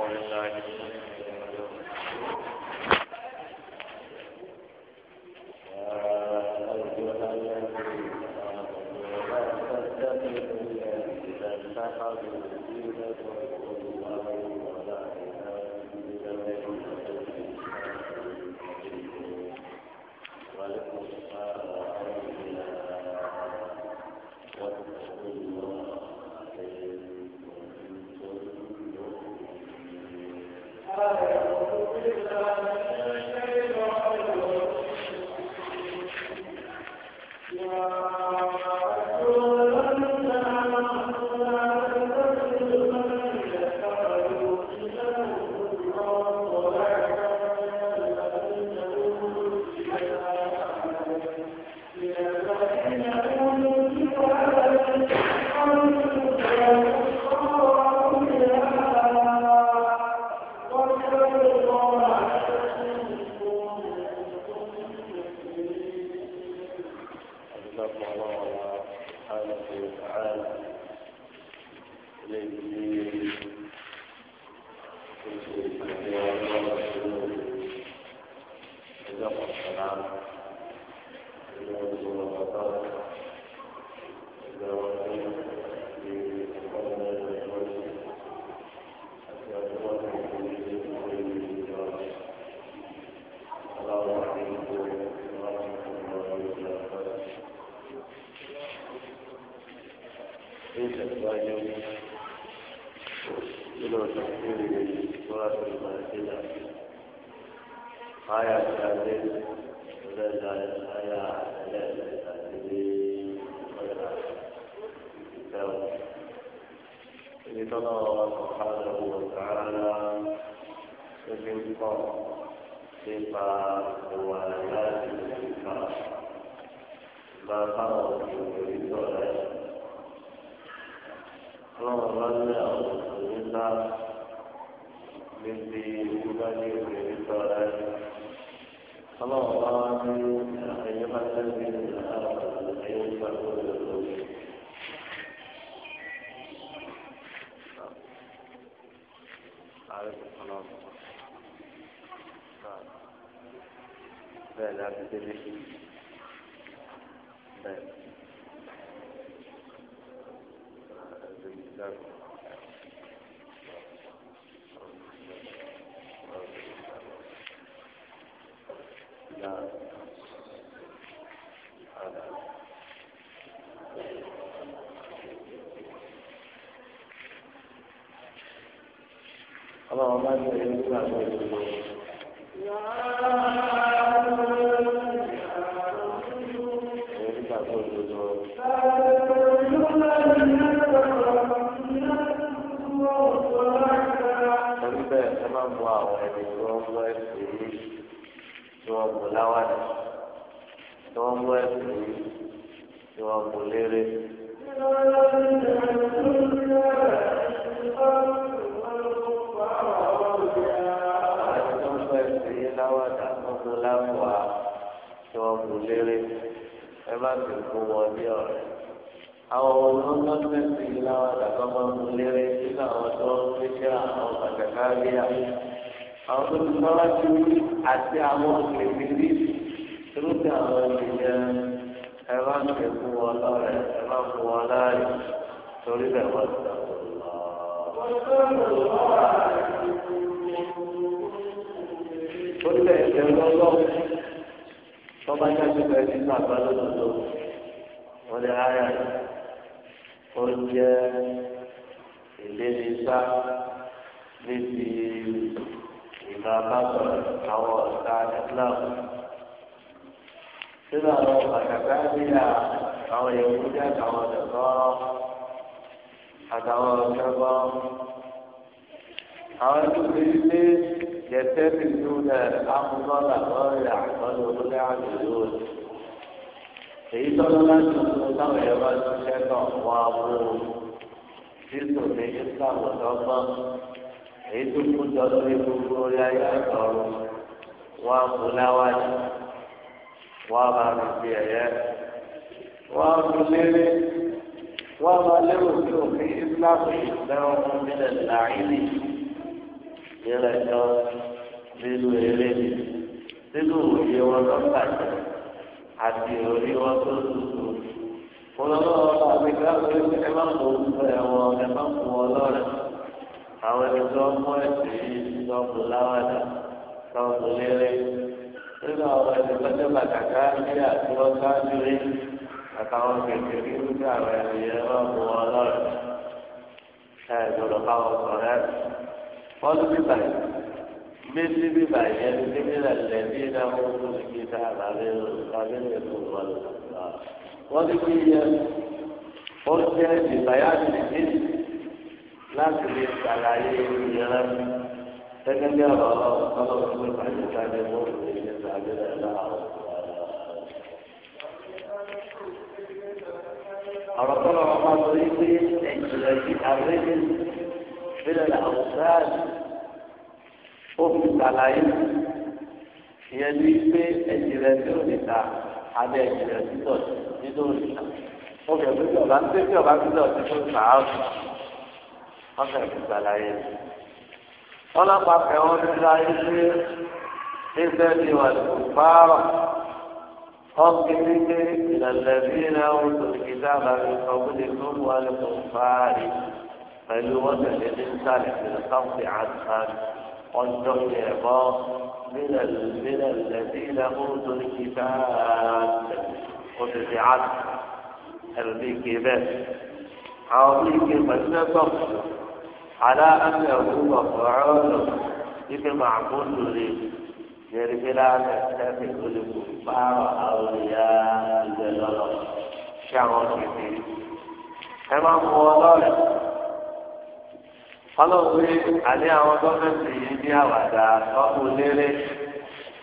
ولله الله سبحانه وتعالى بالقرآن بما هو لازم الإنكار ما قرأوا في الدولة اللهم صل على من ذي جبال الدولة فالله الله أيها الذين آمنوا أيها الذين عليكم السلام بل عبد الله بل àwọn ọlọ́dọ́mẹ́sì láwọn àdàkọ́ máa ń lérè nínú àwọn tó ń fi ṣe àwọn pàtàkì àríyá àwọn tó ti sọ́wọ́ sí àti àwọn ìrìbí lórí àwọn ènìyàn ẹ bá ń pè fún wọn lọ́rẹ̀ ẹ bá ń torí bẹ̀ wọ́n ti dàgbò lọ. ó lè ṣe lọ́lọ́wọ́ tọ́ba jáde bẹ́ẹ̀ nínú àgbàdo lọ́dọ̀ wọ́n lè háyà yìí ó jẹ́ ìlénisá níbi ìmọ̀ abábọ̀rẹ̀ àwọn ọ̀tá islam. nínú àwọn pàtàkì àbíyá àwọn èèyàn jẹ́ àtàwọn ọ̀dọ́ àtàwọn ọ̀dọ́ àwọn ẹgbẹ́ ilé yẹtẹ́ bìbí náà amúnọ́lá lọ́ọ̀yà lọ́dún olóyè àgbèrè òní èyí tọ́lọ́ láti tuntun táwọn ẹ̀rọ bá ṣiṣẹ́ náà wọ́n á wó o jésù ní islam ọ̀dọ́gbọ́n èyí tó kú jọ lórí gbogbo orí ayé àtọ̀rọ̀ wọ́n á mú láwájú wọ́n á máa fi ẹ̀yẹ wọ́n á mú léré wọ́n á máa lérò sí òfin islam ìdáhùn nílẹ̀ làáyìnì nílẹ̀ jọ nínú eré nínú òye wọn lọ́ọ́ àti orí wọn tó tutù wọn lọ́wọ́ àti káfíń ẹ má kó tutù ẹ wọn ẹ má kó wọn lọ́rẹ̀ àwọn ẹni tó mú ẹsẹ̀ yìí tó mú láwàdà tó mú lérè nínú àwọn ẹni tó tẹ́ bàtàkà ní àtiwọ́ sáájú rí àtàwọn kẹ̀kẹ́ kí ló dé àwọn ẹni yẹn má kó wọn lọ́rẹ̀ ẹ gbọ́dọ̀ bá wọn sọ̀rọ̀ wọ́n ló bí مثل بما يلزم من الذين اوتوا الكتاب عليهم من الكفار وذكيا قلت ببيان الجن لا تجد على يمين فكان يرى الله قال رسول عن كان يمر بالكتاب الى أرسل الله طريقه الذي الرجل من الأوثان ó fi ṣàlàyé ìyẹn ní pé ẹ̀jẹ̀ rẹ̀ tí ò ní ta abẹ́ ẹ̀jẹ̀ rẹ̀ tí tọ̀ nínú òrìṣà ó fẹ́ pé ọba ń pé tí ọba ń tọ̀ sí fún sàáàbù wọ́n fẹ́ fi ṣàlàyé ọlọ́pàá fẹ́ wọ́n ti ra ilé ẹgbẹ́ mi wà lóko pààrọ̀ ọkùnrin ní ìlànà bí náà ń tó ìdáàbà mi ọ̀gbìn tó wà lóko pààrọ̀ pẹ̀lú wọ́n tẹ̀lé ní sáré ìlú sáwọn ìhàtúmá mi. والاستعباط من من الذين اوتوا الكتاب وتبعت الكتاب عظيم المسافر على ان يكون فعال بما كنت لي يرجلا تستفيد الكفار اولياء الجلاله شعرتي كما هو ظالم ọlọ́run pé àní àwọn gọ́ọ̀mẹ̀ntì yìí ní àwàdà ọkùn léré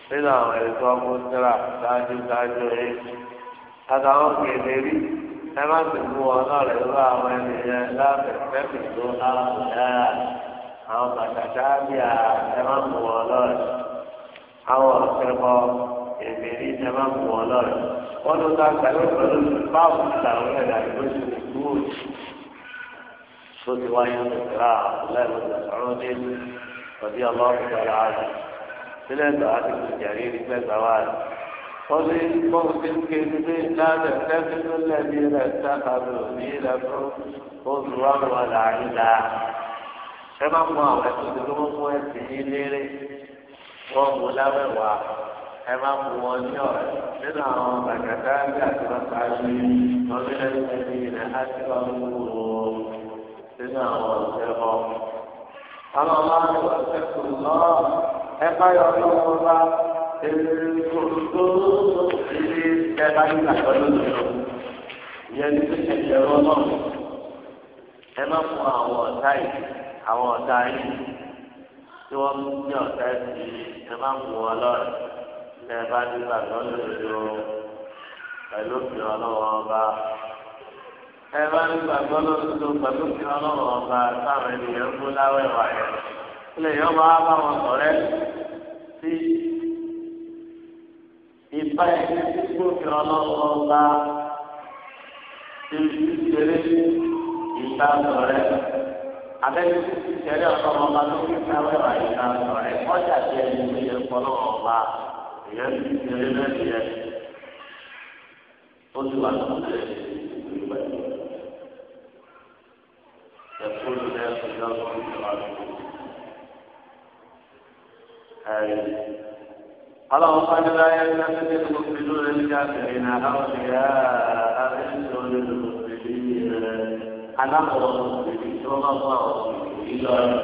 nínú àwọn ẹ̀sọ́ ọkùn síra ṣáájú ṣáájú rẹ̀ àtàwọn kèlè rí ẹ má sì mú wọn náà rẹ̀ lọ́wọ́ àwọn ẹni yẹn láfẹ̀fẹ́ fi tó àwọn ẹ̀yà àwọn bàtàkà bí i ẹ má mú wọn lọ́rẹ̀ àwọn ọ̀sẹ̀kọ èmi rí ẹ má mú wọn lọ́rẹ̀ wọ́n ló ta gbàgbé pẹ̀lú báwo làwọn ẹ̀dá ìgbésùn ìgbó صوت رواية القراءة عبد الله بن مسعود رضي الله تعالى عنه ثلاثة عدد الجرير ثلاثة عوالي قل قلت الكذب لا تتخذوا الذين اتخذوا دينكم ولا ولعنا كما الله يقولون ويسير صلى الله عليه وسلم wọn ní ọ̀rẹ́ nínú àwọn bàtàkà من àti bàtà ṣe lọ́dún sínú àwọn ọ̀sẹ̀ bọ̀. àwọn ọba ní ọ̀sẹ̀ tó lọ ẹ bá yọ ọdún wọn bá èyí kò tó ilé ẹ bá ní ìgbàgbọ́ lónìí o. ìyẹn ní pé ẹ̀jẹ̀ rọ náà ẹ má fún àwọn ọ̀tá yìí àwọn ọ̀tá yìí tí wọ́n ní ọ̀tá yìí ẹ má fún wọn lọ́rẹ̀ ẹ bá ní lónìí o. pẹ̀lú ìrànlọ́wọ́ ọba ẹ bá ń gbàgbọ́ lọ́sọ̀tọ̀ pẹ̀lú kí ọlọ́run ọba táwọn ènìyàn ń mú láwẹ̀wà yẹn ilé yẹn máa bá wọn sọ̀rẹ́ sí ìfá ẹ̀jẹ̀ tí gbòkè ọlọ́run ọba ìlú ìṣeré ìta sọ̀rẹ́ abẹ́rẹ́ títí ìṣeré ọlọ́run ọba tó kí láwẹ̀wà ìta sọ̀rẹ́ ọjà tí ẹni tó yẹ kọ́ ọba ìyẹn ti ìṣeré lẹ́yìn yẹn ó ti wà lọ́sọ̀rẹ́ يقول لا تجاوز قال وقد لا يلتفت المؤمنون الكافرين أولياء إلا للمسلمين أنا أمر المسلمين ثم الله إلى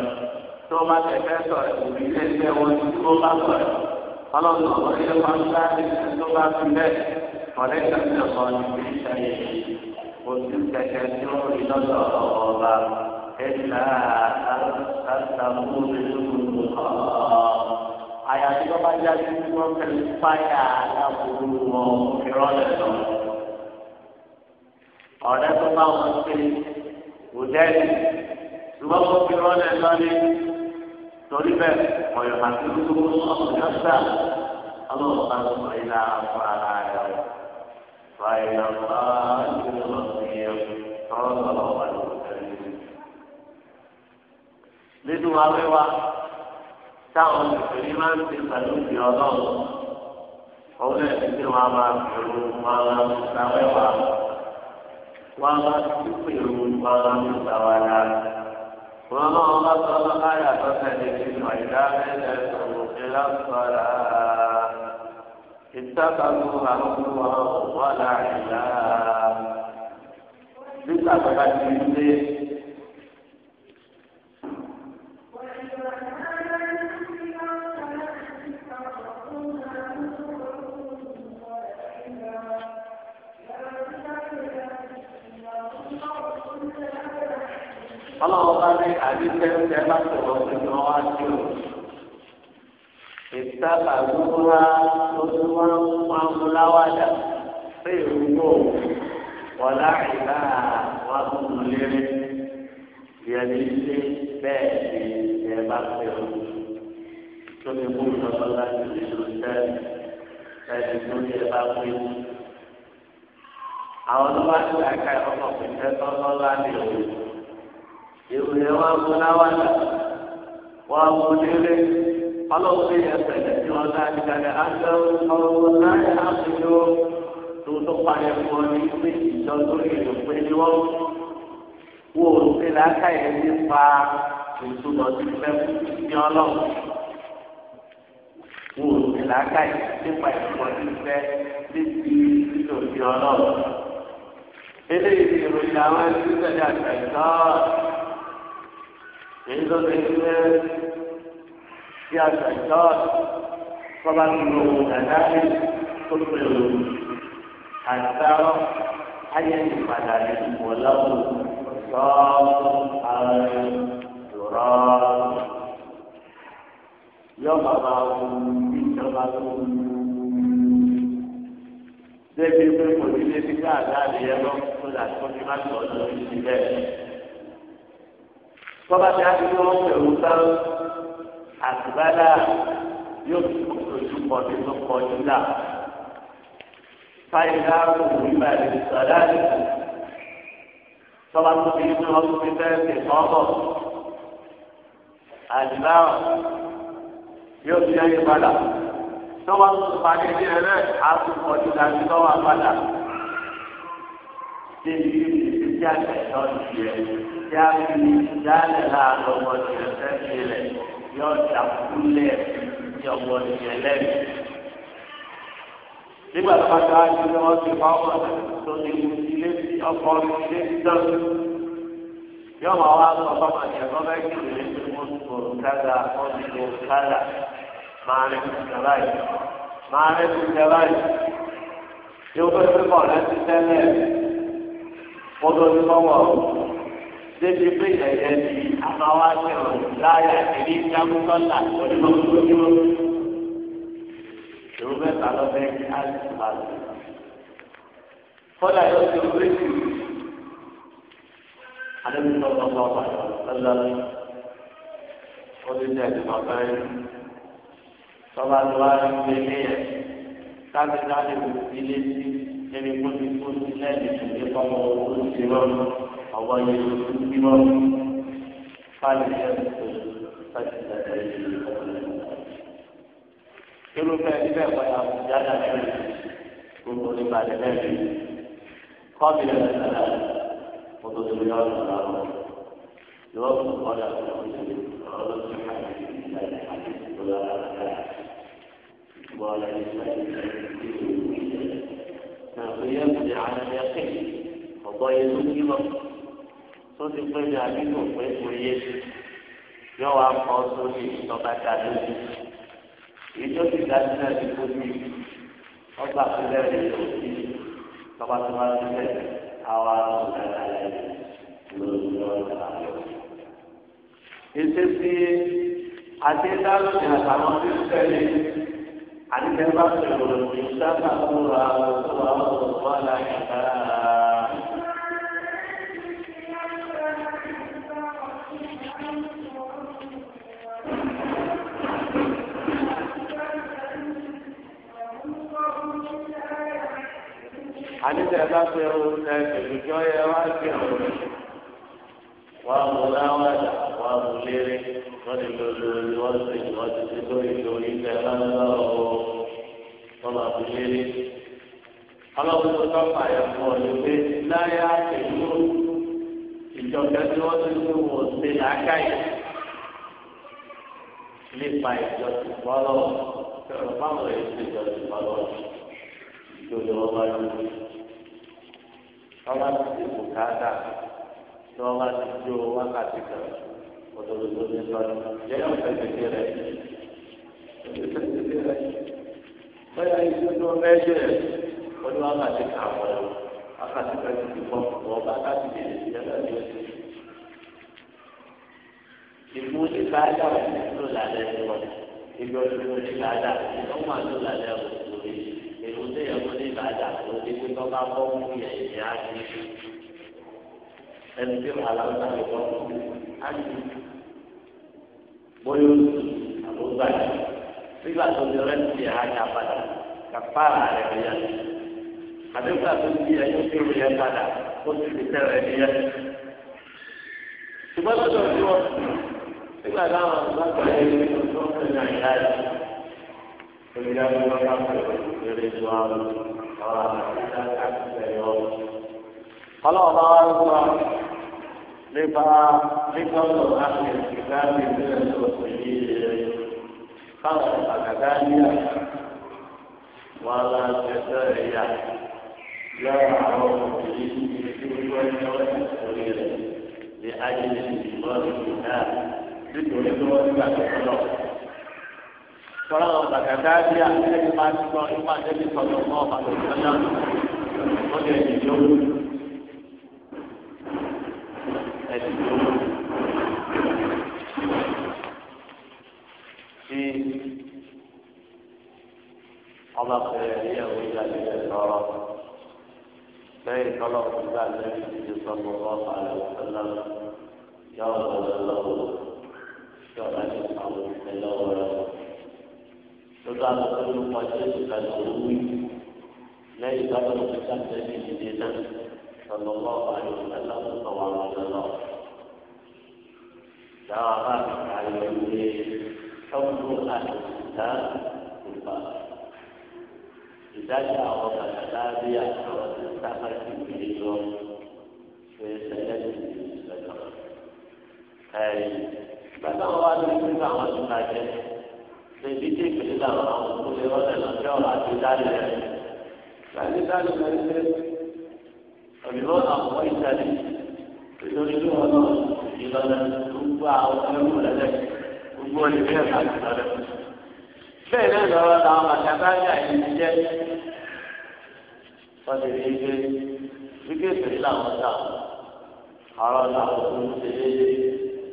ثم تكسر المؤمنين وثم أمر قال الله يقول لا تجاوز وليس من الظالمين شيئا òsì kẹkẹ tí wọn rí lọ́dọ̀ ọba ẹnlá àtàkùn ìlú àyàfi tó bá jáde ní wọn fẹẹ fáyà aláwòrán wọn ìrọ̀lẹ́ lọ ọ̀rẹ́ tó bá wọn ṣe òdẹ́rì ṣùgbọ́n kó fi rọ́lẹ̀ lọ́lé torí bẹ́ẹ̀ ọ̀yọ̀ àti olùkọ́ ọ̀sán ọlọ́run bá tó ìlà àpò ara rẹ̀ فإلى الله المصير صلى الله عليه وسلم nínú awéwá táwọn ìpèlè máa ń ti pẹ̀lú ìdí ọlọ́run òun náà ti pé wọn máa pèrò wọn máa ń sàwẹ́wà wọn máa ti pèrò wọn máa اتخذوها هزوا ولعبا nígbà tó bá ti ń lé. ọlọ́wọ́ bá ní àdìsẹ́ ń tẹ́ bá sọ̀rọ̀ sí ni wọ́n wá sí òun. ìtàkà lóra lóra wọn múláwádà sí ìrúgbó wọlá ìlà wọn kún lérí yẹni sí bẹ́ẹ̀ ni ẹ bá pè ó tó ní kó lọ́sọ́ láti nínú sẹ́ẹ̀ ẹni tó ní ẹ bá pè ó. àwọn tó bá ti àká ọkọ̀ pèsè tọ́lọ́ láti òun ìrù wọn múláwádà wọn kún ọlọ́run ní ẹ̀sẹ̀lẹ̀ tí wọ́n dá ìdálẹ̀ agbẹ́rún láyé àpéjọ tó tó parẹ́ fún ọ ní pé ìjọ lórí ìlú pé ni wọ́n wò ó ṣe láká ẹ̀ nípa ìtumọ̀ tí fẹ́ ní ọlọ́run wò ó ṣe láká ẹ̀ nípa ìtumọ̀ tí fẹ́ ní ti ìlú ní ọlọ́run. eléyìí ni ìròyìn àwọn ẹni tó tẹ̀lé àgbà ìtọ́ èyí tó tẹ̀lé tí a sọ ìtọ́ kọ́ba nínú dàdáyé tó pè ó àtàrọ ayé ìpadà ní ìwọlọ́wọ́ sọ àwọn ìrọ̀ yóò bàbá wù ìjọba tó débi pé kò ní lé nígbà àdáàlì yẹn lọ kó là tó ní má sọ lórí ìdílé. tọ́ba tí a ti ní wọ́n pè ó àtìbálà yóò tún ojú kan tó tó kọjú là. fáyidá kò wí báyìí sọ̀dá ni tọ́ba tó fi ní ọdún fi fẹ́ fi kọ́ bọ̀. àtìbá yóò fi ayé padà tọ́ba tó tó parí ní ẹ̀rẹ́ àtúnkọ̀jú láti tọ́wọ́ àpadà. Débi ibi tí a kẹ̀kọ́ ti yẹ, tí a fi ní láàárọ̀ ọmọdé ẹ̀fẹ́ fi lẹ̀ yọ dàkúlẹ̀ ní ọ̀wọ́ nìyẹn lẹ́nu. nígbà tó bá ká ju ní wọ́n ti pa ọmọ tó ní wù ilé ọkọ ilé dán. yọ máa wá lọ bá máa yẹ kọ́ bẹ́ẹ̀ kí ìwé tó mú kòrò kága wọ́n ti kò kága máa rẹ̀ kò jẹ̀lá yìí. máa rẹ̀ kò jẹ̀lá yìí. yóò fẹ́ fẹ́ kọ̀ lẹ́sìn tẹ́lẹ̀ kó ní lọ́wọ́ débi pé ẹ̀yẹ ti amáwá ní ọ̀rọ̀ láyà ìdí jágúkọ́là onímọ̀tòmọ́. Ìrú mẹ́ta lọ bẹ́ẹ̀ ní àlùfáàlù. Kọ́lá yóò ti rí sí i. Adébí tó lọ bọ́ ọ̀pá lọ́lá onídìí ẹ̀dùnmọ̀ bẹ́ẹ̀ tọ́ba tó wá rí ilé yẹn láti dáhùn ilé sí ẹni kó ti kó sí lẹ́yìn ìṣẹ̀lẹ̀ kọ́mọ owó ti rọrùn. الله يسلمهم فليسكن سجدة irúfẹ́ ibẹ̀ padà jáde àti gbogbo nípa ẹ̀rẹ́ mi kọ́bí ẹ̀rẹ́ sára mọ́tò tó yọ ọ̀nà lọ́wọ́ yóò fún ọ̀dà tó ń ṣe ọ̀rọ̀ tó ṣe àti ìgbà àti ìgbà àti ìgbà ọ̀la ní ìgbà ìgbà ìgbà ìgbà ìgbà ìgbà ìgbà ìgbà ìgbà ìgbà tó ti pé ní àdúgbò pé kò yé yọ wá kọ́ sórí ìjọba ta lójú ìjọ ti dájú náà ti kó ní ọgbà sílẹ̀ rẹ̀ lòdì tọ́ba tó bá sílẹ̀ àwa ọ̀gá rẹ̀ lòdì ọ̀gá rẹ̀. ìṣesí àti ìdálóde àtàwọn tí ń tẹ̀lé àti tẹ́lá pẹ̀lú ìṣàkàkùn àwọn tó wà lọ́wọ́ àlàyé náà. bá pẹ̀rù ẹ̀kẹ́lù kí wọ́n yẹ wá pẹ̀rù wọ́n mú láwàdà wọ́n mú léré wọ́n ti lò lórí wọ́n ti wọ́n ti ti lórí lórí ìfẹ́ lọ́wọ́ wọ́n máa fi léré. ọlọ́run tó tọ́ pààyà fún ọ ní pé láyé àtẹ̀lú ìjọba tí wọ́n ti lò wọ́n ti làákàyè nípa ìjọsìn fọlọ́ fẹ́ràn báwọn èsì ìjọsìn fọlọ́ ìjọba wọn bá lórí ọba ti di bùkátà tí wọn bá ti jó wákàtí kan òtòlótò ní sọdún yẹyọ pẹtẹtẹ rẹ pẹtẹtẹ rẹ bóyá iṣẹ́ tó mẹjọ rẹ wọn ní wákàtí kan wọn wákàtí kan ti di pọ wọn bá láti di ìyẹlẹ ní oṣù. ìfún ìbáyà wọn ti lò lálẹ́ wọn ìgbọ́dọ̀ ìfún ìbáyà wọn ti lò lálẹ́ wọn ìbàdàn tó ti pé tọ́ba bọ́ mú yẹ ìyá àti ẹni tí wàhálà ń bá yọ á ní bóyá oṣù àbúgbà yìí nígbà tó ti rẹ́ ti yà á yà padà kàpá rẹ̀ bí yà àti nígbà tó ti yà yóò fi rẹ̀ padà ó ti fi tẹ̀ rẹ̀ bí ṣùgbọ́n lọ́dọ̀ tí wọ́n nígbà táwọn àgbàgbà yẹn ní ọjọ́ kẹrin àyà yìí olùyàwó bá bá pẹ̀lú eré tó àwọn ọlọ́run bá wá ń sọ nípa nípa ọ̀rọ̀ láti ìgbà tí ìbílẹ̀ ń sọ sí ilé káwọn àgàgà níyà wọn lá ẹsẹ̀ ẹ̀yà lọ́wọ́ àwọn òbí tí wọ́n ń lọ ẹ̀sẹ̀ rẹ̀ lè ayé ìgbọ́n ìgbà nítorí tí wọ́n ń gbà tó lọ tọ́lá wọn gbàgbà bí a lọ́wọ́ yọ̀ọ̀ lọ́dọ̀ àlọ́kọ́lù pa jésù kàlù olówí lẹ́yìn bá lọ́dọ̀ tó sàǹtẹ̀ ní ìdílé náà sọ̀rọ̀ lọ́ àyọ̀kọ̀ láwọn sọ̀wọ́ àwọn ọ̀dọ́ lọ. dáwà bá mi kà yọ ilé tọ́kùnú àtìsíta ìgbà ìdájọ́ àwọn bàtàlá bí àwọn tó sábà ti gbé lọ ṣe ṣẹlẹ̀ ní ìdílé náà. bàtà wọn wá lórí nípa àwọn tó bá jẹ́ tẹ̀lé tí ìpínlẹ̀ làwọn àwọn tó lè rọ́lẹ̀ lọ́jọ́ àti dálẹ̀ rẹ̀. Láti dálẹ̀ rẹ̀ ṣe òyìnbó àwọn ìtàlẹ̀ lórí bí wọn náà ìlànà gbogbo àwọn ẹrú lẹ́lẹ̀ gbogbo olùgbé ẹ̀ka ti lọ́lẹ̀. Bẹ́ẹ̀ náà lọ́wọ́ làwọn àtàkàyà yìí jẹ́ wọ́n ti rí gbé gbígbé ìpínlẹ̀ làwọn ta ọ̀rọ̀ làwọn tó ń ṣe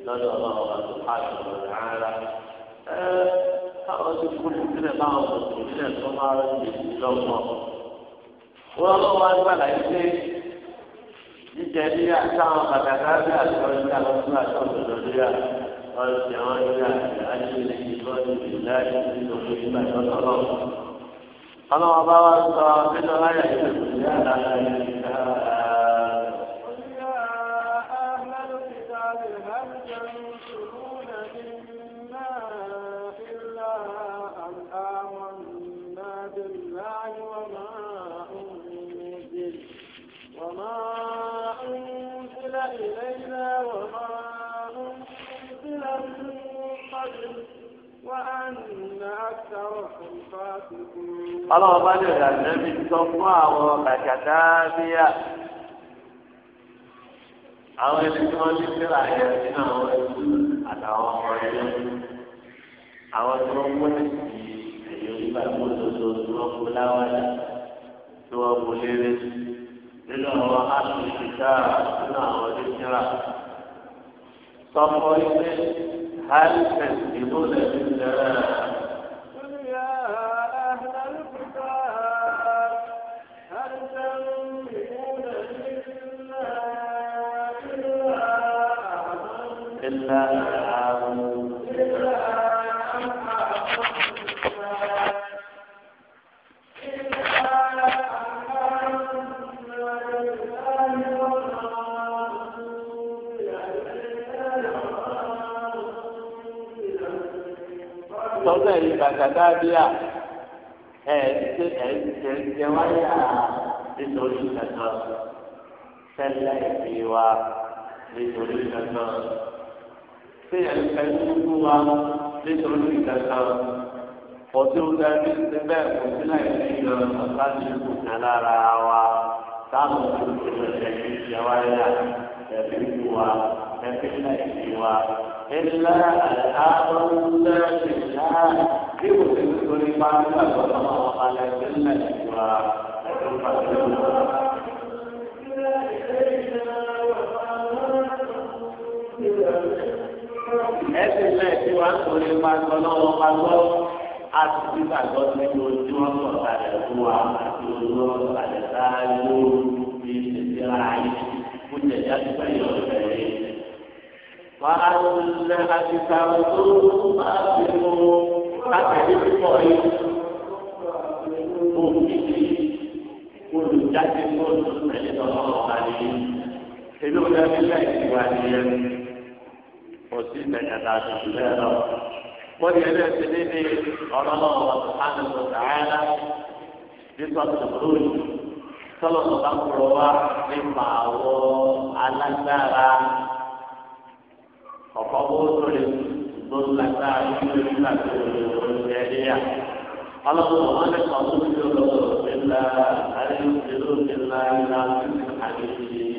lọ́dọ̀ ọlọ́run àti àjọ ọ̀rọ̀ rárá káwọn ti kú sílẹ̀ báwọn kò sílẹ̀ tó máa rẹ̀ ní ìlọ́gbọ̀n. wọ́n lọ́wọ́ agbára yìí pé jíjẹ ní àtàwọn pàtàkì àti ọ̀rẹ́ ní àlọ́sùn àti ọ̀dọ̀dọ̀ ti àwọn ilé àti àjẹlẹ̀ ìlọ́dún ìlàjì nínú ìgbà ìtọ́lọ́ ọlọ́wọ́ bá wá sọ nínú ayé ìlú ìlú àlàyé ìlú ọlọ́wọ́ bá ní ọ̀dà nẹ́bí sọ fún àwọn kàkàtà bíyà àwọn ẹni tí wọ́n ní sílà yẹn nínú àwọn ẹni àtàwọn ọmọ àwọn tí wọ́n mú ní wọ́n tí wọ́n mú léré nínú àwọn aṣọ nínú àwọn sọ fún ọ هل تكذبون بالله قل يا أهل الكتاب هل تنبئون إلا أعمال إلا tọ́lẹ̀ yìí bàtà dáadéa ẹ̀ ṣe ẹ̀ ṣe ṣe wáyà nítorí kankan tẹ́lẹ̀ ìfi wa nítorí kankan ṣé ẹ̀ fẹ́ nínú wa nítorí kankan ọtún dábí ṣe bẹ́ẹ̀ kò sí láì ní ìlọ ọ̀sán ní ìkùnà lára wa táwọn olùkọ́ ìṣẹ̀lẹ̀ yìí ṣe wáyà ẹ̀ fi wá ẹ̀fínlẹ̀ ìwà ẹ̀lá àbọ̀lẹ̀ ìlà bí kò sí nítorí pàṣẹ àgbọ̀dọ̀ àwọn ọmọlẹ̀ ẹ̀fínlẹ̀ ìwà ẹ̀fínlẹ̀ ìwà. ẹ̀fínlẹ̀ ìwà nítorí pàṣẹ ọlọ́wọ́ pàṣẹ àti nígbà tó ti di ojú ọ̀sọ̀ kalẹ̀ fún wa àti ojú ọ̀sọ̀ kalẹ̀ sáájú ní ìṣẹ̀lẹ̀ ayé fún jẹ̀jẹ̀ àti báyọ̀ ọ̀sẹ̀ yìí. وأن أكثركم فاسقون أتدي بقوي olùjáde fóònù tẹ̀lé lọ́wọ́ àlè inú lẹ́nu lẹ́yìn wà ní ẹnu kò sí ìtẹ̀kẹ̀tà tuntun bẹ́ẹ̀ lọ. wọ́n yẹ lẹ́yìn ti ní ní ọ̀rọ̀ náà wọ́n ti hàn ní ọ̀sán àyàlá bí sọ́ọ̀tù lórí sọ́lọ́ọ̀tù bá kúrò wá nípa àwọn alágbára ọ̀pọ̀ owó tó lè tó lágbára tó lè nígbà tó lè wọlé nàìjíríà. ọlọ́run wọn lè kọ́ tó fi lọ́wọ́ ìlà àríwíṣẹ́lú ìlà ìlà àríwíṣẹ́.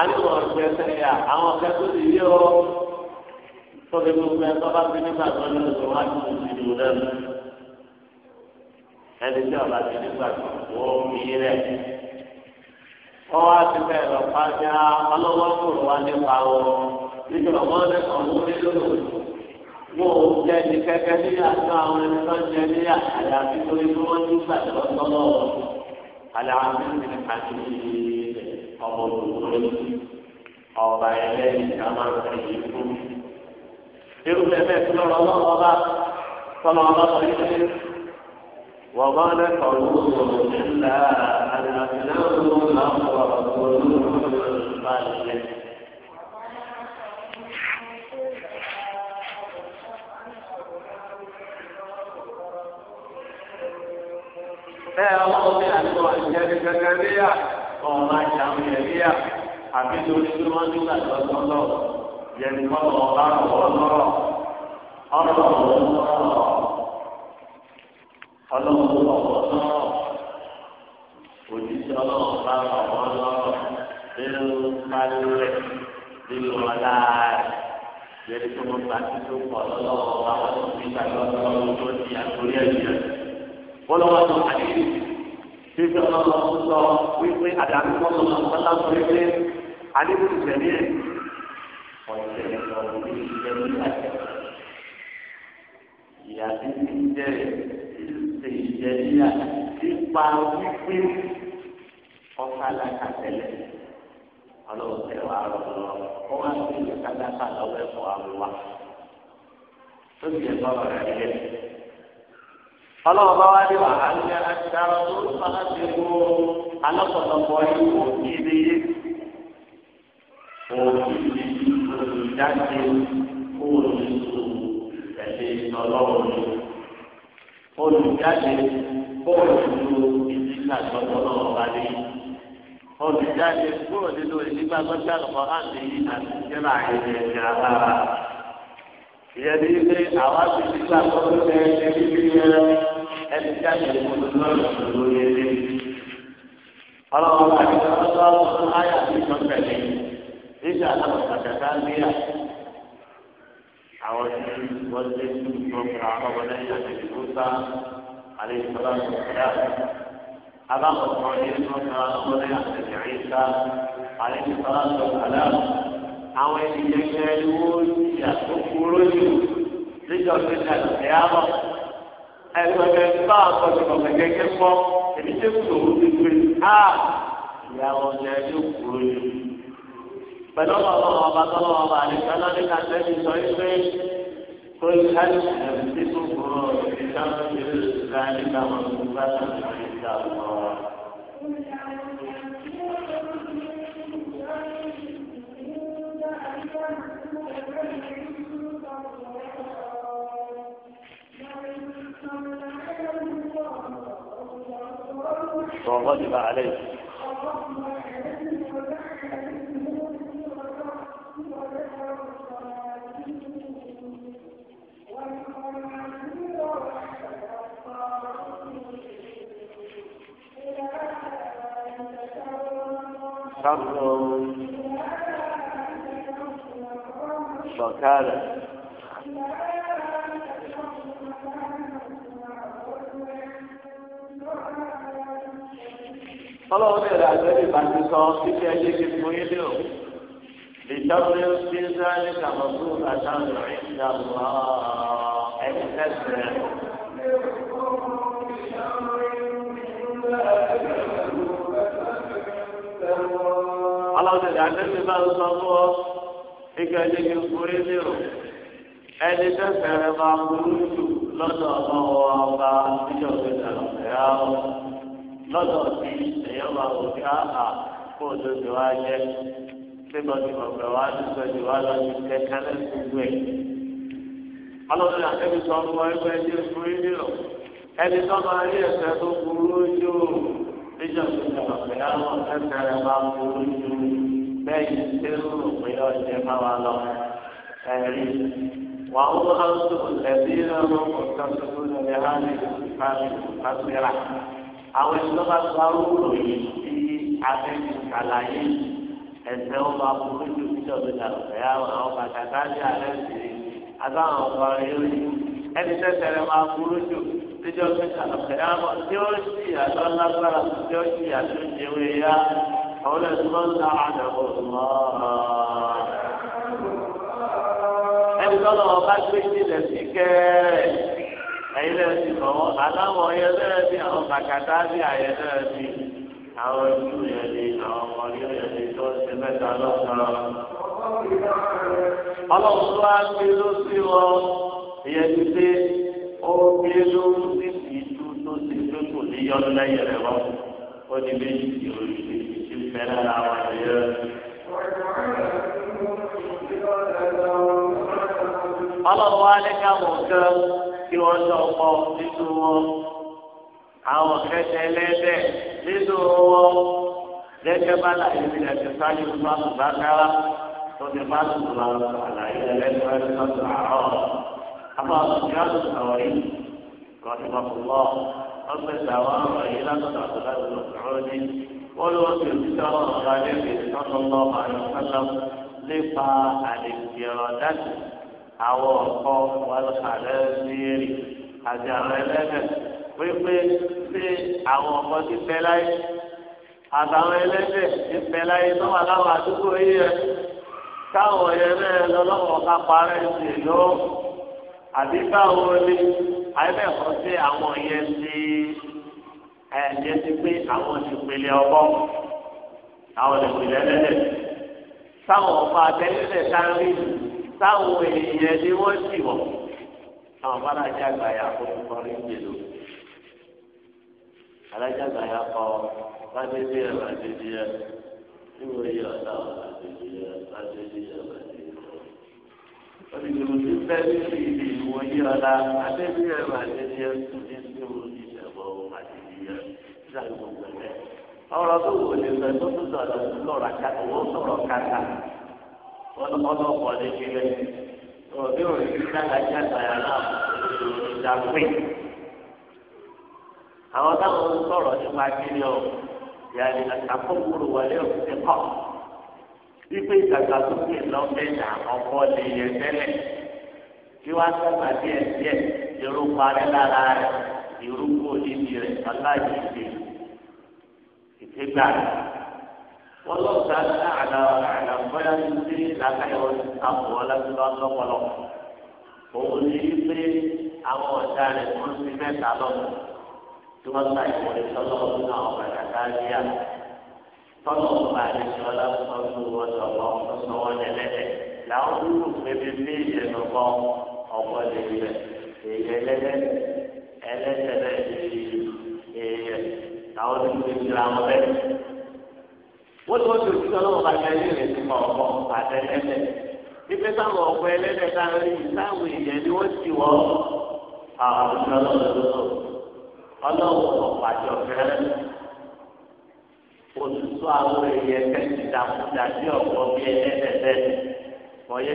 àríwọ̀ ọ̀gbẹ́ sẹ́yà àwọn ọ̀gbẹ́ tó ti yé ọ. tó fi gbogbo ẹ̀ tó bá fi nígbà tó lè sọ wájú ìdìbò lẹ́nu ẹni tí ọba ti nígbà tó wọ́n mi rẹ̀. wọ́n wá sí bẹ́ẹ̀ lọ pàṣẹ ọlọ́wọ́ kúrò wá nípa wọn nítorí wọ́n lè kàn wọ́n lé lóru. wọ́n ò jẹ́ ní kẹ́kẹ́ ní àjọ àwọn ẹni tó ń jẹ ní àyà nítorí tí wọ́n ní ìgbà tó tọ́lọ́ wọn. aláàbí mi ní kàtí ọmọ òdòdó ọba ẹlẹ́yìn ká máa ń fi fún. irúfẹ́ bẹ́ẹ̀ tí lọ́rọ̀ ọlọ́wọ́ bá tọ́lọ́ ọlọ́wọ́ yìí وما نفعوه إلا أن أفناهم أقرأهم القلب ẹ ọlọ́run ní àdúgbò àìjẹ́ni gẹ́gẹ́ bí yà ọ̀rọ̀ àìsàn yẹn bí yà àbí torí tí wọ́n ní ìgbàgbọ́ lọ́lọ́ yẹn kọ́ ọ̀rọ̀ ọ̀rọ̀ ọ̀rọ̀ ọ̀rọ̀ ọ̀rọ̀ ọlọ́run tó ọ̀pọ̀ náà òjíṣẹ́ ọlọ́run bá ọ̀pọ̀ lọ́rọ̀ nínú kálẹ̀ nínú ọ̀la rẹ̀ lórí tó mo gbà tí tó pọ̀ lọ́wọ́ àwọn tó fi gbà lọ́wọ́ tó di àtòrí ẹ̀jẹ̀. bọ́lọ́wọ́ tó àdéhùn fífi ọlọ́run tó sọ wípé àdàmú ọlọ́run tó sọ wípé àdéhùn ìṣẹ̀lẹ̀ ẹ̀ ọ̀sẹ̀ ọ̀rọ̀ ìṣẹ̀lẹ̀ ìyàtí ń jẹ́rìí. ìjẹ̀líyà ipa wípé ọ̀sálà kàtẹ́lẹ̀ ọlọ́wọ́ tẹ̀ ọrụ lọ́wọ́ wá sí lọ́wọ́ àwòwá tó ti yẹ rẹ̀ wá wàhálà àtàrà kó ìdí òòlù olùjáde bóòlù nínú ìdílé àgbọ̀tọ̀ náà wà ní. olùjáde bóòlù nínú ìdílé àgbọ̀tọ̀ àlùkò àti àtijọ́ àyẹ̀yẹ̀ ìjà ìyẹn ní ilé ti ti gbà tó ń bẹ ẹni bí ẹni jáde ìmọ̀lú lọ́rùn ló yẹ lé. ọlọ́run àti ọlọ́run ayà ti sọ pẹ̀lú ìjà àlọ́ àwọn tí wọ́n lé ní ìgbọ́nra ọmọlẹ́yìn àti ìgbọ́nsá àti ìgbọ́nsá ìgbọ́nsá. Abáwọn kan ní ìgbọ́nsá ọmọlẹ́yìn àti ìgbọ́nsá àti ìgbọ́nsá ìgbọ́nsá. Àwọn ènìyàn yẹn ni wọ́n ti àtúkúrò jù níjọ́ tó ti àtúnṣe àbọ̀. Ẹgbẹ̀rẹ̀ bá àkọsí ọ̀gbẹ̀ gẹ́gẹ́ pọ̀, èmi ṣe kúrò ti pè á. Ìyá wọn ni ẹni ó pẹ̀lú ọlọ́run ọba tọ́lọ́ ọba àdìsọ́lá ní kàtẹ́bí sọ pé kó ìhàlì ẹ̀mí tó gbòòrò ìdáhùn ìlú ìsirayẹlì káwọn olùgbà tàbí ìjà lọ. Sọ̀rọ̀ ti bá alẹ́ yìí. خمس وكان Ọlọ́run ní ìlànà ìbá ti sọ títí ẹyẹ kí fún yín lò. Ìjọba ti ń sá ní kàmọ́tò àtàwọn ìjàmbá ẹ̀ẹ́dẹ́gbẹ̀rẹ̀. ọdún àdébí bá ń sọ fún ọ ike ẹni kí n forí lérò ẹni tẹsẹ̀ rẹ máa burú jù lọ́dọ̀ ọlọ́wọ́ ọba níjọ́ gbẹdà ẹ̀yà ọ lọ́dọ̀ tí ẹ̀yọ́ máa wò ká à kó o tó ti wá jẹ́ nígbà tí mo fẹ́ wá ti sọ jù wá lọ sí kẹ́kẹ́ lẹ́sìn gbé. ọlọ́dún àdébí sọ fún ọ ẹgbẹ́ ẹni forí lérò ẹni tó máa rí ẹsẹ̀ tó burú jù níjọ́ gbẹdà ẹ̀yà ọ bẹ́ẹ̀ ṣe ń rò pé ọ̀jẹ̀ máa wà lọ ẹ̀rí. wà ó lọ́ tó ẹ̀bí lọ́rùn ọ̀kan tuntun lórí hánì ìfàmì ìfàmìlà. àwọn ẹni bá gba rúurú yìí sí abẹ́ni kàlàyé ẹ̀sẹ̀ ó máa burú ju bíjọ̀bù dàgbẹ́ àwọn bàtà káàdì alẹ́ sí i àtàwọn ọ̀pọ̀ ẹ̀rí. ẹni tẹ́tẹ̀ rẹ̀ máa burú ju bíjọ̀bù dàgbẹ́ àwọn tí ó ṣì tí ó ṣì àwọn náà ti الله. ń ta àdàbọ̀ mọ́ ẹni tọ́lọ̀ ọba gbé sílẹ̀ sí kẹ́ẹ̀ ẹ̀yin náà ti mọ̀ wọ́n aláwọ̀ ọyẹ náà bí àwọn bàkàtà bí àyẹ náà bí àwọn ojú yẹn ni àwọn ọmọ yẹn ni tó ń ṣe mẹ́ta lọ́sàn-án. ọlọ́run tó wá gbé ló wọn ìyẹn ti pé ó gbé ló sí ìtú tó ti tó kò ní yọ́nú lẹ́yìn rẹ̀ wọ́n ó ní méjì tí ó rí bẹ̀rẹ̀ àwọn ẹ̀yẹ. ọlọ́wọ́ alẹ́ káwọn kan kí wọ́n lọ pọ̀ nínú wọn àwọn kẹsẹ̀ ẹlẹ́dẹ̀ nínú wọn lẹ́jẹ̀ bá láyé nílẹ̀ ti sáyé fún wa bá kára tó ní bá tó lọ àlàyé ẹlẹ́dẹ̀ rẹ̀ lọ́sọ̀ àárọ̀. àmọ́ ìyá tó sọ̀rọ̀ yìí kọ́ ní bàbá lọ ọgbẹ́ta wọn rọ̀ yìí látọ̀ àbúrò àbúrò wọ́n lọ sí òṣìṣẹ́ ọlọ́run ọ̀la lẹ́gbẹ̀ẹ́ ìtọ́jú ọlọ́run àyọ̀kọ́lá nípa àdìgbìyànjú dájú àwọn ọ̀kọ́ wàlúkàlẹ́ sí èrè àti àwọn ẹlẹ́gbẹ̀ pépé sí àwọn ọmọ ti fẹ́ láyé àtàwọn ẹlẹ́gbẹ̀ ti fẹ́ láyé tó wà láwọn àdúgbò yìí rẹ̀ táwọn ẹ̀yẹ náà lọ́lọ́wọ́ ká parẹ́ sí ìlú àbí báwo ni àyẹ̀bẹ̀kọ́ ẹ̀jẹ̀ ti pé àwọn ìpele ọkọ àwọn ìpele ẹlẹ́dẹ̀ táwọn ọba àtẹ́lẹ́dẹ̀ sáré táwọn èèyàn ni wọ́n sì wọ̀ àwọn ọba alájà gbàyà kó kọrin jèlò alájà gbàyà kọ bàdéjì ẹ bàdéjì ẹ níwò yìí ọ̀dà bàdéjì ẹ bàdéjì ẹ bàdéjì ẹ olùdókòtò fẹ́ẹ́ ní ìlú ìwòye ọ̀la bàdéjì ẹ bàdéjì ẹ tòun ní ìlú sísá ló gbogbo ẹ̀ ọ̀rọ̀ tó wò lè sọ tó tó sọ̀rọ̀ lọ́rọ̀ àkàtà wọ́n sọ̀rọ̀ kàkà ọlọ́pọ̀ lè fi lẹ̀ ọ̀bí òrì dáadáa gbàyà náà ìdàgbé àwọn táwọn ń sọ̀rọ̀ nípa kíni ọ̀ yàrá àkókòrò wọlé òkúté kọ̀ wípé ìdàgbàsókè lọ́fẹ̀dà ọkọ lè yẹ tẹ́lẹ̀ tí wọ́n sábà díẹ̀ díẹ̀ irú parẹ́ lára rẹ̀ irú kò níbi rẹ̀ aláìsí ìgbà wọn lọ sá àdá àdá bóyá ní ti làákàyọ àbọ̀ ọlọ́dúnlọ́ lọ́pọlọ òun ní pé àwọn ọ̀dà rẹ̀ tó ń fi mẹ́ta lọ tí wọ́n ta ìwọlé sọ́lọ́ ọdún náà bàtà káríà tọ́lọ̀ ọba àdéṣe ọlọ́sọ́dún wọn sọ̀rọ̀ ọ̀sọ̀wọ́ lẹ́lẹ́lẹ́ làwọn dúró pépé bí ìyẹn lọ́kọ́ ọ̀pọ̀ lè rí rẹ̀ èyí ẹlẹ́lẹ́ ẹlẹ́tẹ̀lẹ́ ti èyẹ àwọn tó ti fi ra wọn lẹ́nu. wọ́n ti wọ́n ti òtítọ́ lọ́wọ́ bá yẹ ilé rẹ̀ nípa ọ̀pọ̀ àtẹlẹ́lẹ̀. pípẹ́ sáwọn ọ̀pọ̀ ẹlẹ́dẹ̀ táwọn rí sáwọn èèyàn ni wọ́n ti wọ́ àwọn òtítọ́ lọ́wọ́ lọ́wọ́ ọlọ́wọ́ ọ̀pọ̀ àti ọ̀fẹ́ òtútù àwọn èèyàn kẹ́sì dàkúdà sí ọ̀pọ̀ bíi ẹlẹ́dẹ̀ wọ́yẹ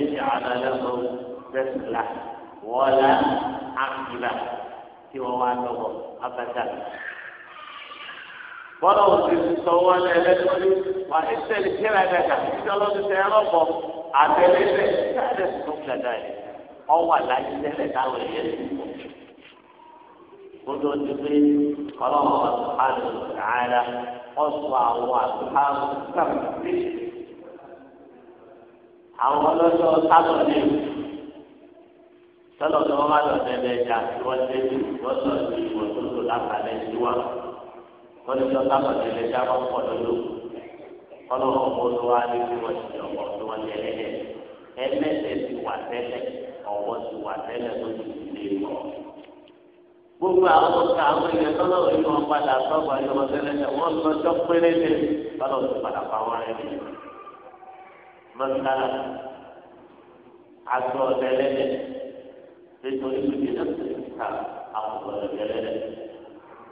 wọ́n wá bọ́lá òsì sọ wọn lẹ lẹ́tọ́jú wà ní sẹ́ni kíra ẹ̀dẹ́gà títí ọlọ́dún tẹ ẹlọ́pọ̀ àtẹlẹsẹ̀ káàdé tó ń gbàdá ọwọ́ àlàyé tẹ́lẹ̀ táwọn ẹ̀yẹ kótó ti pé ọlọ́run àlù ààrẹ ọ̀sùn àwọn àtúntàwọn sàmùtì àwọn ọlọ́dún sábọ̀ ní sọlọ́dún wọn bá ẹja tí wọ́n ṣe wọ́n sọ̀rọ̀ wọ́n ti sọ sábà tẹ̀lé tí a máa ń pọ̀ lọ́dọ̀ ọlọ́run ọmọ tó wá ní bí wọ́n ti ọmọ tó wọ́n ti ẹlẹ́dẹ̀ ẹlẹ́dẹ̀ ti wà tẹ́lẹ̀ ọwọ́ ti wà tẹ́lẹ̀ tó ti lè mọ̀. gbogbo àwọn ọ̀gá àwọn èèyàn tọ́lọ́run yìí wọ́n padà sọ́gbà ní ọmọ tẹ́lẹ̀ wọ́n lọ jọ péré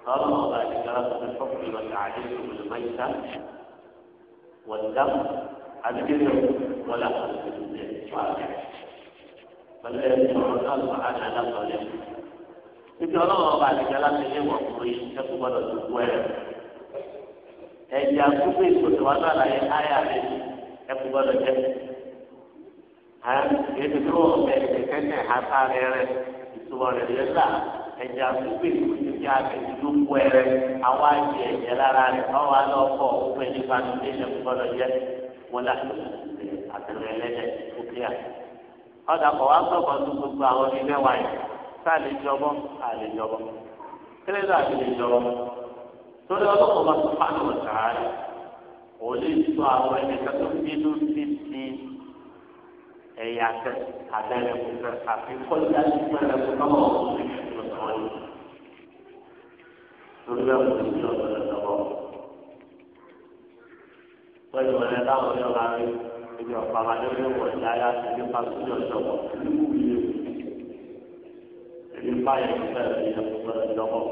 قالوا ذلك لكم الحكم وتعليم الميت والدم الجذع ولا بل يقول على نقل nítorí ọlọ́wọ́ bá àdìgbàlá ti lé wọ̀ fún yìí ṣẹ́kù gbọ́dọ̀ tó gbọ́ ẹ̀. ẹ̀jẹ̀ àkókò ìkòtò wa náà láyé áyà rẹ̀ ẹ̀kú gbọ́dọ̀ jẹ́. ètò tó wọ̀ bẹ̀rẹ̀ kẹ́kẹ́ àtàrẹ̀ rẹ̀ ìtumọ̀ rẹ̀ lẹ́sà ẹ̀jẹ̀ àgbègbè ìdíje àgbègbè ló kú ẹrẹ àwọn àjẹ ẹ̀jẹ̀ lára rẹ̀ ọwọ́ alẹ́ ọkọ̀ ọkọ̀ ẹni fanu ní ilẹ̀ gbọ́dọ̀ jẹ́ mọ́lá àtẹ̀rẹ̀ ẹlẹ́dẹ̀ kúkíà. ọ̀dà kọ̀ wá sọ̀kọ̀ tó gbogbo àwọn ní mẹ́wàá yìí sáàlì jọbọ àlè jọbọ kílẹ̀ náà ti lè jọbọ torí ọlọ́kọ̀ bá tó fáwọn ọ̀sán rẹ̀ òun lè sọ àwọn ẹni ẹ̀yà tẹ àdẹ́rẹ́kù tẹ àfi kọjá nípa ẹ̀kú náà ọ̀hún ní ẹ̀kú náà yìí. lórí ẹ̀kú ní ìjọ ọ̀dọ̀ lọ́wọ́. wọ́n yóò rẹ̀ táwọn ọ̀dọ́ máa rí ibi ọ̀pá àdéhùn ẹ̀wọ̀n ìjà ayá ti ní pàṣẹ ọ̀dọ́wọ̀ èyí báyìí ní bẹ́ẹ̀ ní ẹ̀kú náà lọ́wọ́.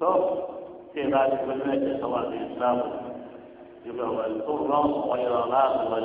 tó tí ìlà ti fi ní ẹ̀jẹ̀ sọ́wọ́ àti ìsìlámù ìgbà wọn tó rán ọ̀yọ̀ láàbù wọn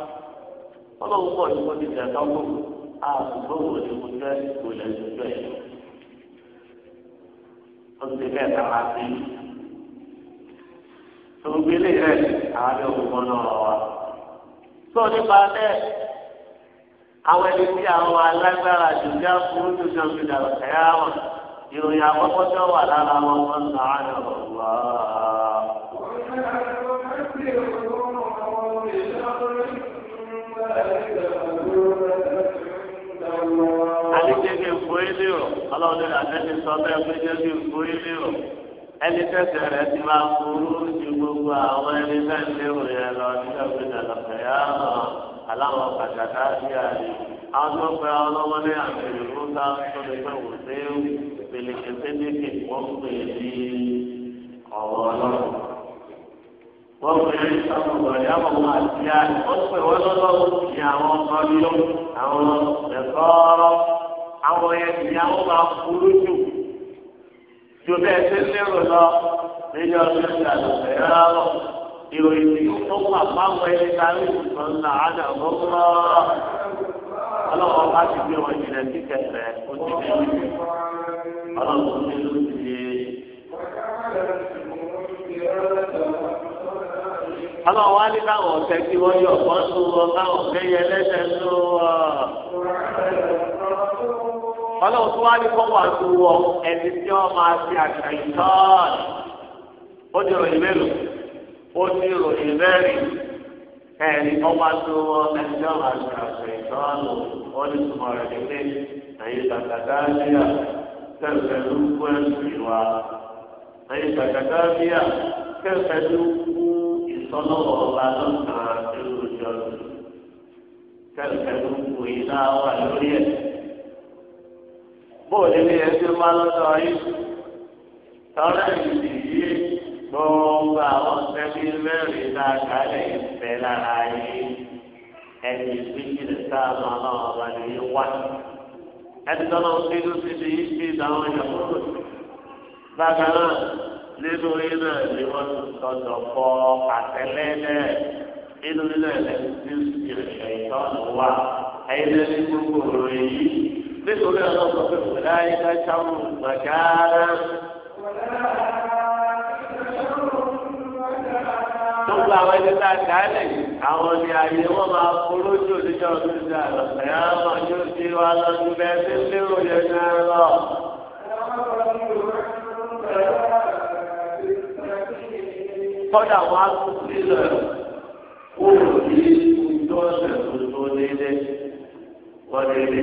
ọlọ́run pọ̀ ní kó ti tẹ̀ tọ́kù àbúrò wò ni mo fẹ́ kò lè dúdú ẹ̀. ó ti bẹ́ẹ̀ tara sí i. tòwúgbélé rẹ̀ àwọn ẹ̀wọ̀n kan náà wà. tó nípa bẹ́ẹ̀ àwọn ẹni tí àwọn alágbára jòjá fún jòjá fi dàrú ẹ̀yà wọn ìròyìn àkọ́kọ́ tó wà lára wọn wọn sàn án lọ́wọ́. Àdìjẹ́bí ìfò ilé o, ọlọ́run ní àtẹ́sí sọ bẹ́ẹ̀ pé jẹ́bí ìfò ilé o. Ẹni tẹ̀sẹ̀ rẹ̀ ti máa forú ju gbogbo àwọn ẹni bẹ́ẹ̀ lérò yẹn lọ nígbà pé dàlọ́fẹ̀ yá hàn aláwọ̀ kàkàtà sí àlè. Àwọn tó ń pẹ́ ọlọ́wọ́ ní àmì ìlú ká tó lè pẹ́ wò sí pèlèkè sédèkè wọ́n pè ní ọ̀rọ̀ ọlọ́run. wọ́n pè é sọ́kùnrin ọ̀yà wọn àti yá ó pè wọ́n lọ́wọ́ ní àwọn ọmọ yó àwọn ẹ̀kọ́ àwọn ju bẹ́ẹ̀ lérò lọ nínú ọdún lọ ìròyìn tí ó wà ẹni ìtàn náà á mọ́ ọlọ́wọ́ bá ti gbé wọn jìnnà sí ó ti ọlọ́wọ́ ọlọ́run wá ní káwọn ọ̀sẹ̀ tí wọ́n yọ ọ̀pọ̀ tó wọ káwọn ọ̀sẹ̀ yẹn lẹ́sẹ̀ tó wọ. ọlọ́run tó wá ní kọ́kọ́ àti wọ ẹni tí wọ́n máa fi àṣà ìtọ́ọ̀nì. ó ní ìròyìn mélòó ó ní ìròyìn mẹ́rin ẹni ọba tó wọ ẹni tí wọ́n máa fi àṣà ìtọ́ọ̀nì ó ní ìtumọ̀ rẹ̀ nílé ẹ̀yìn kàkàtà níyà tẹ̀sẹ̀ ló ẹ̀sùn ìwà ẹ̀yìn kàkàtà níyà tẹ̀sẹ̀ ló ìtọ́lọ́wọ́ ọba lọ́sàn-án lórí ojú ọdún kẹ̀kẹ́ tó ń kó iná wà lórí ẹ̀. bóòlù ní ẹgbẹ́ máa lọ́sọ̀ yìí tọ́lá ìdí yìí gbogbo àwọn sẹ́bí mẹ́rin náà kálẹ̀ ìfẹ́ lára yìí ẹni ìpínlẹ̀ sáàmù àwọn ọba ní wá. ẹni tọ́lá ń bínú síbi yìí bí ìyàwó bákan náà nínú iná ni wọ́n tọ̀dọ̀ kọ àtẹlẹ́ náà nínú iná ni ìrìnlẹ̀ ìtọ́nù wà ẹ̀yin náà ní gbogbo ọ̀rọ̀ èyí nítorí ọ̀nà ọ̀sán pé kò láyé ká sáwọn gbàgárá. gbogbo àwọn ẹni tá a kà á lẹ̀ àwọn ni àyè wọn máa foró jù níjọ́ ọdún ìjà lọ ẹ̀yà máa yóò ṣe wá lọ́dún bẹ́ẹ̀ tí ń lérò yẹn náà lọ kọ́dà wá sílẹ̀ kó o ní ojú ọ̀sẹ̀ tuntun nílé wọ́n lè rí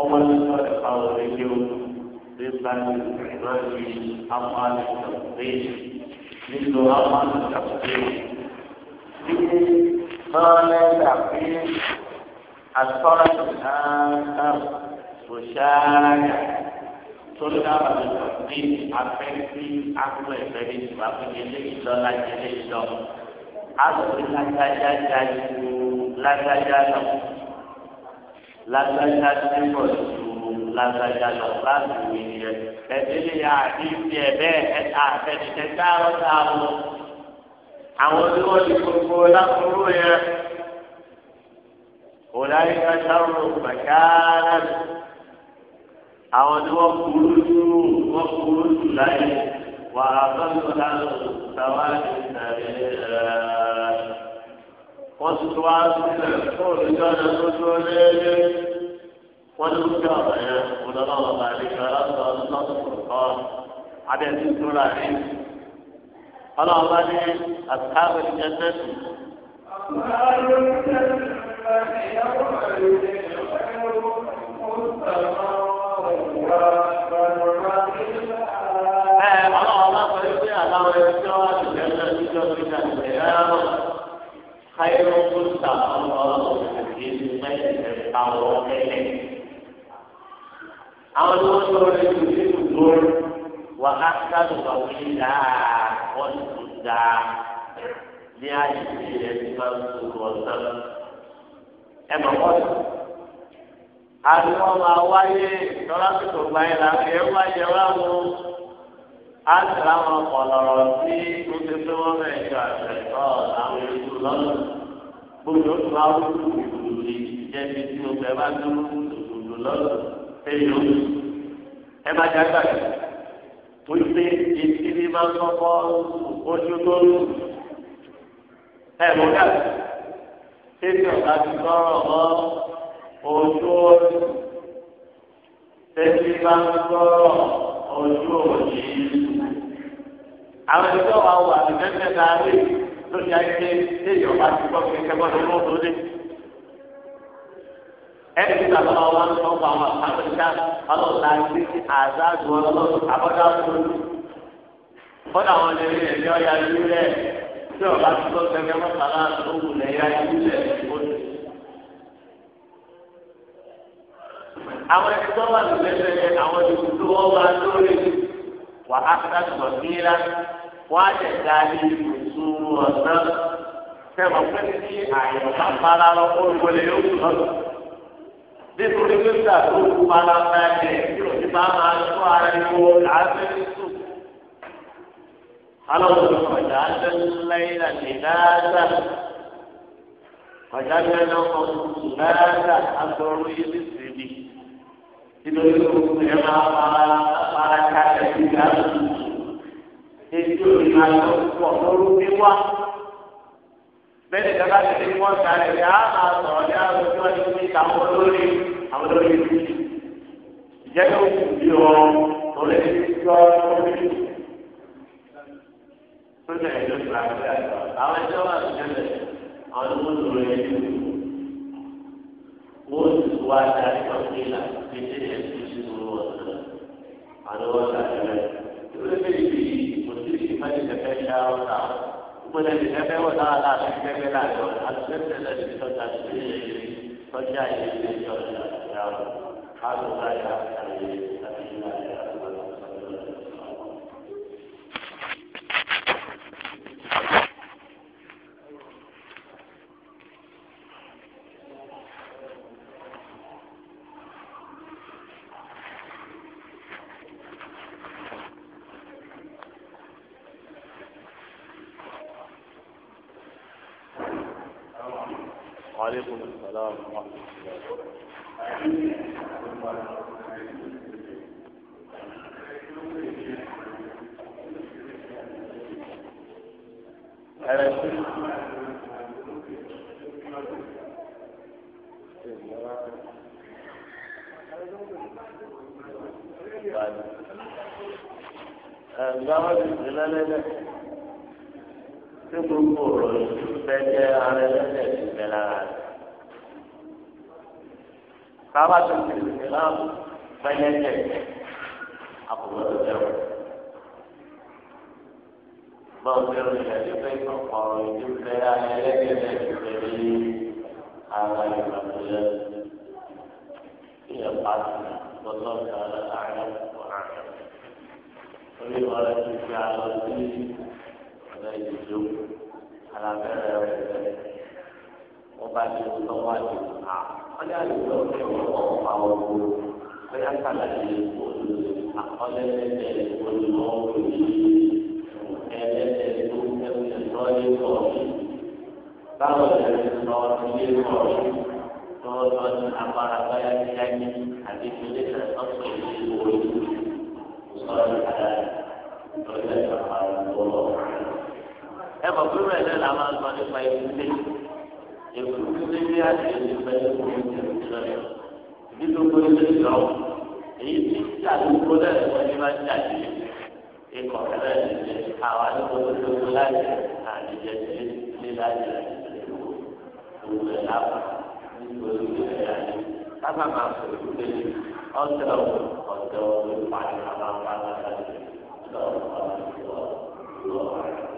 ọmọ nípa ẹ̀ka òfin ní o nípa ìrìnà ní amáàlì ìtàkùnrin nínú amáàlì ìtàkùnrin nínú ọ̀rẹ́ ìtàkùnrin àtọ́rọ̀ ìtàkùnrin kò ṣááyà sọlá àbàlẹ̀ ní afẹ́sí akọ ẹ̀fẹ́ ní ìgbà fún ilé ìlọ láti ilé ìlọ. Àgbẹ̀ lágbájá já ju lágbájá lọ. Lágbájá ti bọ̀ ju lágbájá lọ láti wí ni ẹ. Ẹ̀dílé àti ìfi ẹ̀bẹ́ ẹ̀ta àfẹnìtẹ́ sáárọ̀ sáárọ̀. Àwọn tí wọ́n ti gbogbo lákòóró yẹn. Òláyé ká sáárọ̀ bàkárà àwọn ni wọn kúrú jù wọn kúrú jù láyé wà á bọ́sọ̀ lánàá tàwa ní ìtàgé wọ́n tuntun wá sílẹ̀ fún ìjọ náà tó tó léèlé wọ́n ló ń jẹ́ ọ̀rọ̀ yẹn wọ́n lọ́wọ́ ọ̀rọ̀ àlejò aláṣọ lọ́sọ̀rọ̀ kọ́ abẹ́tí tó rà ní. ọlọ́run bá ní àtàwọn ìjẹ́ nẹ́ẹ̀sì. Thank you ẹ máa wọ́n àti wọn máa wáyé lọ́lásìkò gbáyé láti ẹ wáyé láwọn àti láwọn ọ̀pọ̀lọ̀rọ̀ tí ó ti fi wọ́n fẹ́ jọ àtẹ̀tọ́ àwọn ètò lọ́nà gbogbo tó bá wù ú ìlú ìjẹ́ bí tí o fẹ́ bá dúró ìlú lọ́nà ẹ̀yọ́ ẹ má jẹ́ àgbàdo tó ṣe ìdílé máa ń kọ́kọ́ ojú tó lù ẹ̀ mọ́gà ṣé tí ọ̀gá ti gbọ́rọ̀ ọ́ ojú ojú tẹ́tí bá ń gbọ́rọ̀ ojú òjì àwọn ìjọba wa wà ní kẹ́kẹ́ náà rí lórí ayé téèyàn bá ti gbọ́ kẹ́kẹ́ bọ́ lọ́wọ́ tó dé. ẹni tí bàbá wa wá ń sọ fún àwọn àfẹ́ríkà ọlọ́ọ̀la ní àzáàdù ọlọ́ọ̀lù àbọ̀dá ọ̀tọ̀lù. bọ́dà wọn lè rí ẹ̀mí ọ̀yà ìlú rẹ̀ tí ọ̀bá àwọn ẹni tó wà lùlẹ́sẹ̀ yẹn àwọn ìlú tó wọ́n wá lórí wà á ká gbọ̀ngbìlá wọ́n á jẹ̀ dáadé ìṣòro ọ̀nà sẹ́wọ̀n pé ní àyẹ̀wò bá para lọ olùkọ́lẹ̀ yóò kú lọ́dọ̀. nítorí pé nígbà tó kú para báyìí tí bá máa tó ara alọ́wọ́ ló lé lẹ́yìn nítorí gbogbo ẹ máa fara fara kalẹ̀ nígbà tó ètò ìlànà pọ̀ lórí wíwá bẹ́ẹ̀ni kaka ti ní wọ́n ta rẹ̀ yá máa sọ̀rọ̀ ní àwọn tí wọ́n ti fi ta àwọn olórí àwọn olórí ìlú ìjẹ́ kí wọ́n kù bí ọ lórí ìjọ orí tó lẹ̀ lórí àwọn ẹ̀jọ́ wà lórí ẹ̀jọ́ àwọn tó lórí ẹ̀jọ́ wọ́n ti wá darí ọ̀gbìn là fi ṣe tó ṣe ló wọ̀ ọ̀sán àlọ́ ọ̀sán rẹ̀. Ìwé bẹ́ẹ̀ bí kò sí ìmọ̀lẹ̀ kẹfẹ́ ṣá ọ̀sà. Ìmọ̀lẹ̀ kẹfẹ́ wọ̀ náà láti kẹfẹ́ láàjọ àtúntẹ̀ lẹ́nu ìtọ́jà sí ọjà ìrẹsì ọjà ìyá ọ̀sán. Ká ló bá yà á ṣàlẹ̀ àti bẹ jẹ ara ẹlẹ́sẹ̀ ti bẹ lára rẹ̀. káwá tó ti lè láàbù fẹ́lẹ́sẹ̀ àbúrò tó jẹ́ wọn. bọ́ọ̀ bí o lè ti fẹ́ kọ̀ọ̀kan ìdí fẹ́ ara ẹlẹ́sẹ̀ ti bẹ ní ara ìgbàgbọ́ yẹn. ìyẹn pàṣẹ lọ́tọ́ ìdáná àárẹ̀ fún àárẹ̀. orí wọn lè ti fi àlọ́ sí ọ̀dọ́ ìdíjọ́ alábẹ́rẹ́ rẹ̀ wọ́n bá ti ń lọ́wọ́ àti ìhà wọ́n yà lù lọ sí ọ̀pọ̀ ọ̀pá ọ̀gbọ́n wọ́n yà kàlà sí olú àkọlẹ́lẹ́lẹ́ olùmọ̀ọ́wọ́ yìí ẹlẹ́lẹ́ tó ẹ̀wọ̀n lọ ní kọ̀ọ̀mù báwo lè lọ sí ilé kọ̀ọ̀mù lọ́wọ́ lọ ní abára báyà ní yá ní àbí ilé náà ọ̀sẹ̀ ìlú pẹ̀lú ẹ̀ lẹ́la máa ń sọ nípa ìwúlé ìwúlé bí a ti lè fẹ́ ìwúlé ìrọ̀lẹ́ ìdí tó kó ilé ìjọ èyí tí àdúgbò lẹ́nu wọn ní máa ń jáde ikọ̀ kẹlẹ́ ìdíje àwọn àdúgbò tó tó láyé àdíjẹ ti lé láyé ìwúlé lápá nítorí ìwúlé láyé sábà máa sọ ìwúlé ọ̀tẹ̀ ọ̀tẹ̀ ọ̀tẹ̀ pàdé àwọn àwọn àgbàlagbà lọ́wọ́ àwọn ìwọ̀ lọ́wọ́ àwọn.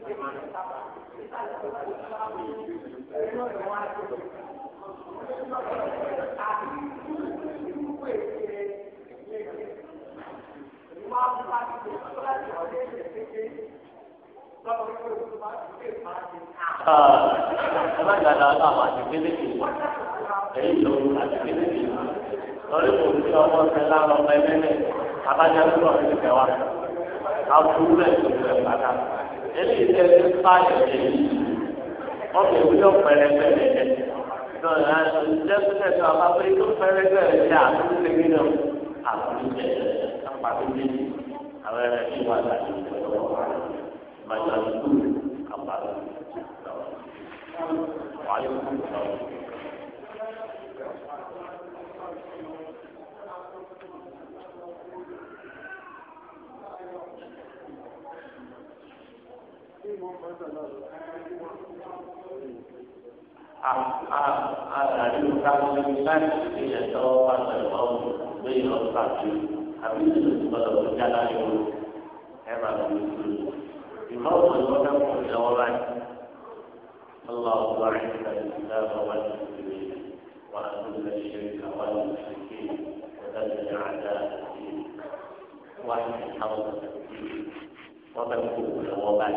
ẹ̀rọ ló àtìkéde kì í lórí ọmọ ọ̀sẹ̀ lára ọmọ ẹlẹ́lẹ̀ abájá lọ́wọ́ eléyìí tẹ ẹ pa ẹ̀jẹ̀ yìí wọ́n fi ìwúlò pẹrẹpẹrẹ ẹ̀ lọ́nà ìjẹ́ sílẹ̀ tó a bá pé tó pẹrẹpẹrẹ ẹ̀ àtúntò tẹ̀lé náà àtúntò tẹ̀lé àpàtó méjì àwọn ẹ̀rẹ́ tí wọ́n àti ìjọba wà bàjẹ́ àtúntò àpàtó. Wàhálà ìkùnkùn náà. àdàlù káwọn ní láti ṣe ẹ̀tọ́ wà pẹ̀lú ọ̀hún gbé yọ pàtó àbí ìlú gbọ́dọ̀ tó já láyé wọn ẹ máa lọ sí ìlú ìmọ̀ òun ni wọ́n dákun ní ọwọ́ báyìí الله أعز الإسلام والمسلمين وأذل الشرك والمشركين وذل أعداء الدين واحمد حوض الدين ومن كل وبعد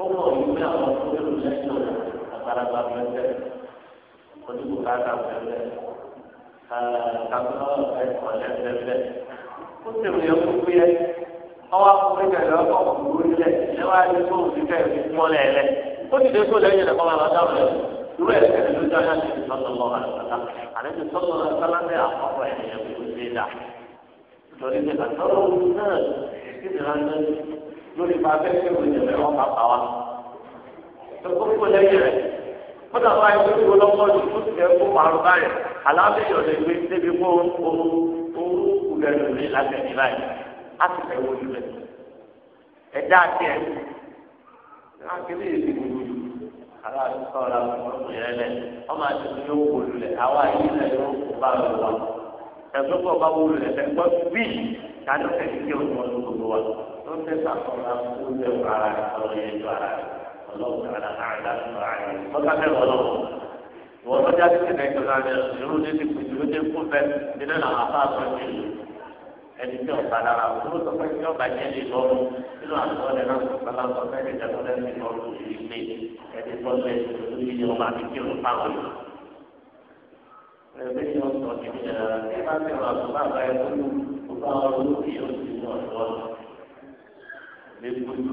kọ́kọ́ ìwé àwọn olóòtú lẹ́sìn ọ̀rọ̀ àgbàlagbà pẹ̀lẹ́ onígbò káàkà pẹ̀lẹ́ kàkọ́ ẹ̀kọ́lẹ́ pẹ̀lẹ́ ó sì rìn ọkọ̀ pé ẹ ọwọ́ akọ̀wé kẹlẹ́ ọkọ̀ òkúrú nílẹ̀ lẹ́wọ́ adé tó òfin fẹ́ fi mọ́ lẹ́lẹ́ ó ti dé kó lẹ́yìn rẹ̀ kọ́ máa bàtà rẹ̀ irú ẹ̀ kẹlẹ́ ló dáná sí ìtọ́sọ̀lọ́ àlejò sọ́lọ́ sálábẹ́ àkọ́kọ́ ẹ̀yẹ kò dé dà lórí pé lórí ma fẹ́ kí wọ́n jẹ̀lẹ̀ wọn bá wa. Gbogbo lẹ́yìn rẹ̀, kódà bá yẹ kó lọ́kọ́ ju tó ti kó parun báyìí, àlàáfíà ọ̀dẹ̀ gbé débi kó ooru ooru lẹ́nu mi lágbẹ̀mí báyìí, á sì fẹ́ wọ́n lulẹ̀. Ẹ̀dá àti ẹ̀ èdè gbogbo ara àtúntò ọ̀la ọmọ yẹn lẹ̀ ọmọ àti ẹni yóò wò lulẹ̀ àwa yìí lẹ̀ yóò kó bá lọ wa. Ẹ̀gbọ́n bá wò lulẹ̀ ẹ̀gbọ́n bíi kí a lọ sẹ́ni gbogbo wa proses sekolah punya para oleh para Allah Taala ada para maka saya walau walau jadi kita kerana dulu jadi dulu jadi pun tidak nak apa pun jadi ẹni tí ọ̀sà dára òkúrò tó fẹ́ kí ọba jẹ́ ní lọ́rù nínú àtọ́ rẹ̀ náà bàbá tó fẹ́ lè jẹ́kọ́ lẹ́nu ní lọ́rù yìí pé ẹni tó lẹ́ lórí ni ọba àti kírun fáwọn yìí. ẹgbẹ́ yìí wọ́n sọ ní ẹ̀ ẹ́ bá ti rà tó bá bá ẹ bá ọ lórí yóò ti ní lẹ́kọ̀ọ́jú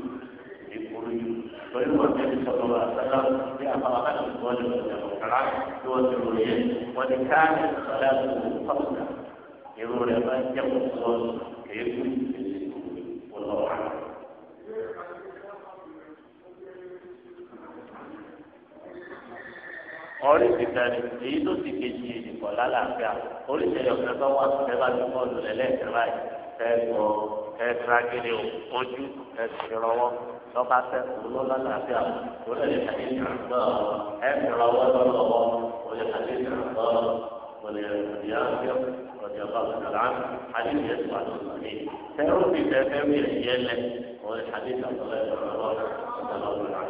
lẹ́kọ̀ọ́jú lórí wọn tẹ́lẹ̀ sọ̀rọ̀ wa sọ́dọ̀ bí afọwọ́ká ti wọ́n lè lọ kàrá tí wọ́n ti rò yẹ wọ́n ti ká ní sọ́dọ̀ fọ́ọ̀nà èrò rẹ̀ máa jẹ́ kó sọ kéékù ọlọ́wà. orí ti kẹrin èyí tó ti kejì ìkọ̀lá làǹfà orí ìṣẹ̀lẹ̀ ọ̀sẹ̀ tó wà sẹ́fà tó kọ́ lulẹ̀ lẹ́ẹ̀kẹ́ báyìí ẹ̀sọ̀ ẹ̀sra gidi ojú ẹ̀sìrọ̀wọ́ lọ́ba sẹ́kù lọ́lọ́lá àti àwọn olóyè àti ìrànlọ́ ẹ̀sìrọ̀wọ́ lọ́lọ́wọ́ olóyè àti ìrànlọ́ olóyè àti ìrànlọ́ ọ̀dì ọba ọ̀dàlá àti ìyẹ̀sọ̀ àti ìsọ̀lẹ̀ tẹ́rù ti tẹ́tẹ́ mi ẹ̀yẹ lẹ̀ olóyè àti ìrànlọ́ ẹ̀sìrọ̀wọ́ ọ̀dàlá ọ̀dàlá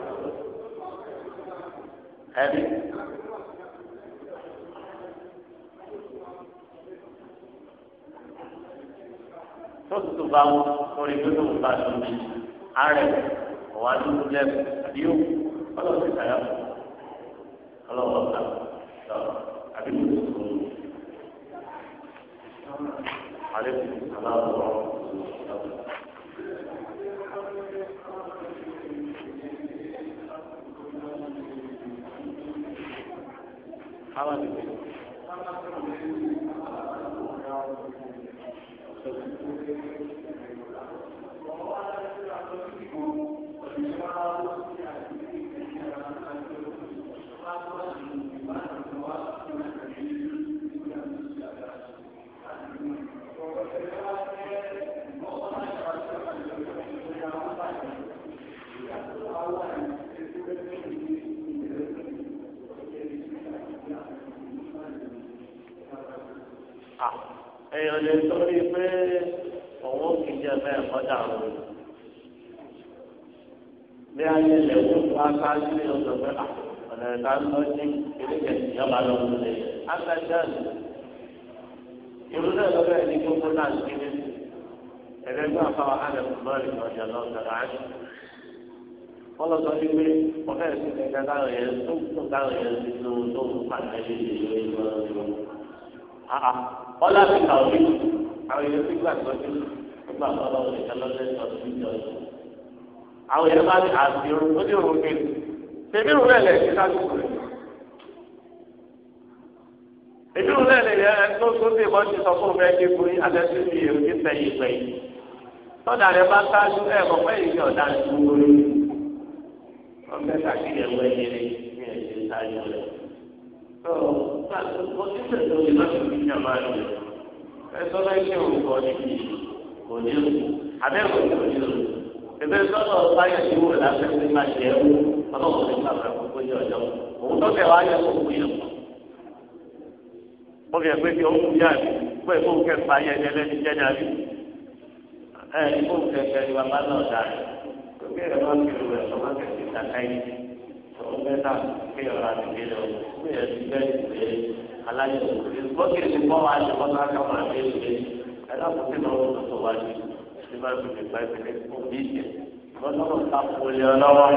tó tutù bá wọn lórí gbogbo nǹkan tó ní ààrẹ ọ̀wá dúdú lẹ́nu àbí ó ọlọ́run ti sàyà fún ọlọ́run ọ̀gá àbí kò tó tó àlékún aláwọ̀ ọ̀rọ̀ àwọn àgbègbè. èèyàn lè sọrí pé òun kì í jẹ bẹ́ẹ̀ kọjá òun bí a lè lè wú wá sáájú ní ọjọ́ pé ah, ọ̀nà ìta ń lọ sí ìdíje ìjọba lọ sí ilé agbájáde ìlú náà lọ bẹ́ẹ̀ ní gbogbo náà sí ní ẹ̀rẹ́gbẹ́ àfáwà ádẹ́kùn lọ́ọ̀rì ọ̀jà lọ́sẹ̀ láàárín wọ́n lọ sọ sí pé ọ̀fẹ́ ìsìnkú ẹ̀ka Ah, ah. ọlá ti kà òbí àwọn èèyàn ti gbà tọ́jú nígbà tó lọ́wọ́ lè kálọ́ lẹ́yìn ọdún ìjọ yìí. àwọn èèyàn bá ní àṣírò ó ní òun kéde tèmi rò lẹ́lẹ̀ kí lásìkò rẹ̀. èmi rò lẹ́lẹ̀ yẹ tó tó dé bọ́ ti sọ fún mi ẹgbẹ́ fún yín àtẹ́sí èrò ti sẹ́yìn pẹ̀yì. tọ́jà rẹ̀ bá sáájú ẹ̀ mọ̀ pé èyí ọ̀dà ti wúwo lórí. ẹ̀yẹrẹ ní ẹ̀jẹ̀ mo ti tẹ̀lé oye lọ́sẹ̀ mi ní àbá rẹ̀ ẹ sọ́dọ̀ iṣẹ́ òun kọ́ ní kí kò ní lò abẹ́rẹ́ kò ní lò ẹgbẹ́ sọ́dọ̀ báyọ̀ tí wò lásẹ̀ ní máa jẹ́ ẹ̀wù ọlọ́run ní bàbá gbogbo yẹ ọjọ́ òun tó fẹ́ wá yẹ kó kú yẹ kó. mo fi ẹgbẹ́ fi ohun bí àbí pé kó kẹ́ pa yẹ ẹni ẹlẹ́ni jẹ́ dàbí ẹ kó kẹ́ kẹ́ ni bàbá náà dà tó kẹ́ ẹ̀ máa fi rẹ̀ ọmọ kẹ́kẹ́ aláyé lókè tí wọ́n máa ṣe wọ́n máa kàwọn àti ìṣe ẹlẹ́kùn tí wọ́n tó tó wá sí tí wọ́n fi lè gba ìpínlẹ̀ fún bí ìṣe wọ́n tó lọ ká wọlé ọlọ́wọ́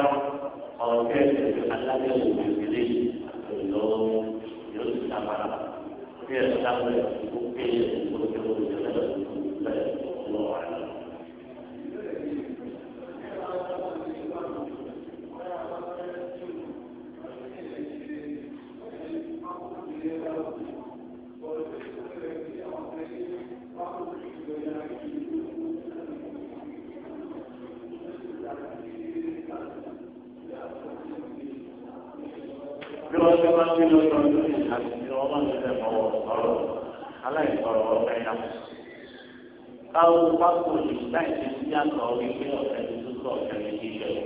ọ̀rọ̀ kẹ́sì aláyé lókè ìpínlẹ̀ lọ́wọ́ yóò ti dábàá bí ẹ̀ dábàá ìpínlẹ̀ ìpínlẹ̀ ìpínlẹ̀ káwọn pápó lè láì ṣe sí àtọ̀ wípé ọ̀sẹ̀ ní tó sọ ọ̀sẹ̀ ní ìṣe rẹ̀.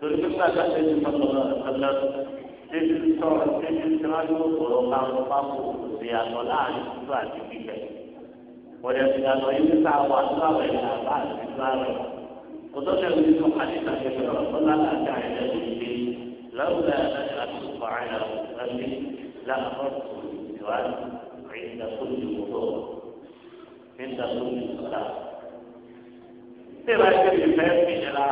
torí pé pàṣẹ ṣe ti sọ lọ́nà ọ̀sẹ̀ títí sọ títí tí wọ́n yóò sọ̀rọ̀ káwọn pápó ṣe àtọ̀ láàrin tútù àti gbígbẹ́. ọ̀dẹ̀ ti àtọ̀ yìí níta wà láwẹ̀ àbá àti láwẹ̀. kòtò tẹ̀lé ní sọ́kà níta kẹfẹ́ ọ̀sán láti àyẹ̀lẹ́ ìdílé láwùlẹ̀ àti nígbà tó ní ìsọ̀tà. Ṣé ìwà ẹgbẹ́ mi fẹ́ fi ìlera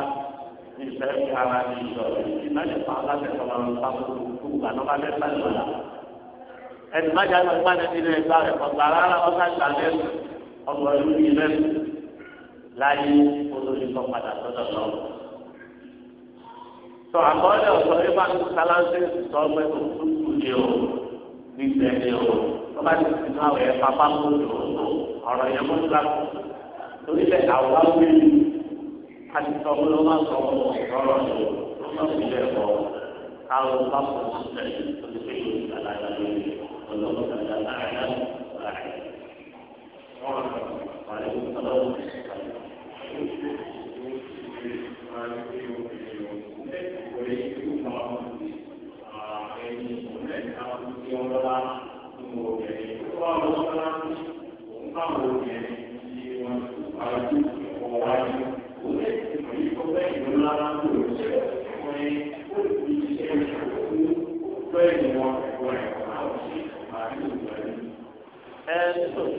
mi fẹ́ fi ara mi yọ ìdílé nípa alábẹ́sọ̀ máa ń pa gbogbo ìgbà náà máa lẹ́sà ìwà la. Ẹni má jáde ọgbà nẹ́bí lẹ́yìn gbà rẹ̀ ọgbà rárá ọgbà ìgbà lẹ́nu ọgbà ìlú yìí lẹ́nu láyé olórí kan padà sọ́dọ̀ lọ. Sọ àkọọ́lẹ̀ ọ̀sọ̀ nípa sáláńsì sọ pé òtútù ni o, gbígbẹ ni o, ọba ti sinú àwẹ̀ pápá kó lòó lòó ọ̀rọ̀ yẹn mú ká torí bẹ́ẹ̀ àwa wí àti sọ́kú ló máa sọ ọ̀rọ̀ yẹn ló sì lẹ̀ kọ́ àwọn bá kò sí ẹ̀ tó ti fi ìlú ìgbàlá yẹn lórí ọlọ́mọdé àdáyé àdáyé.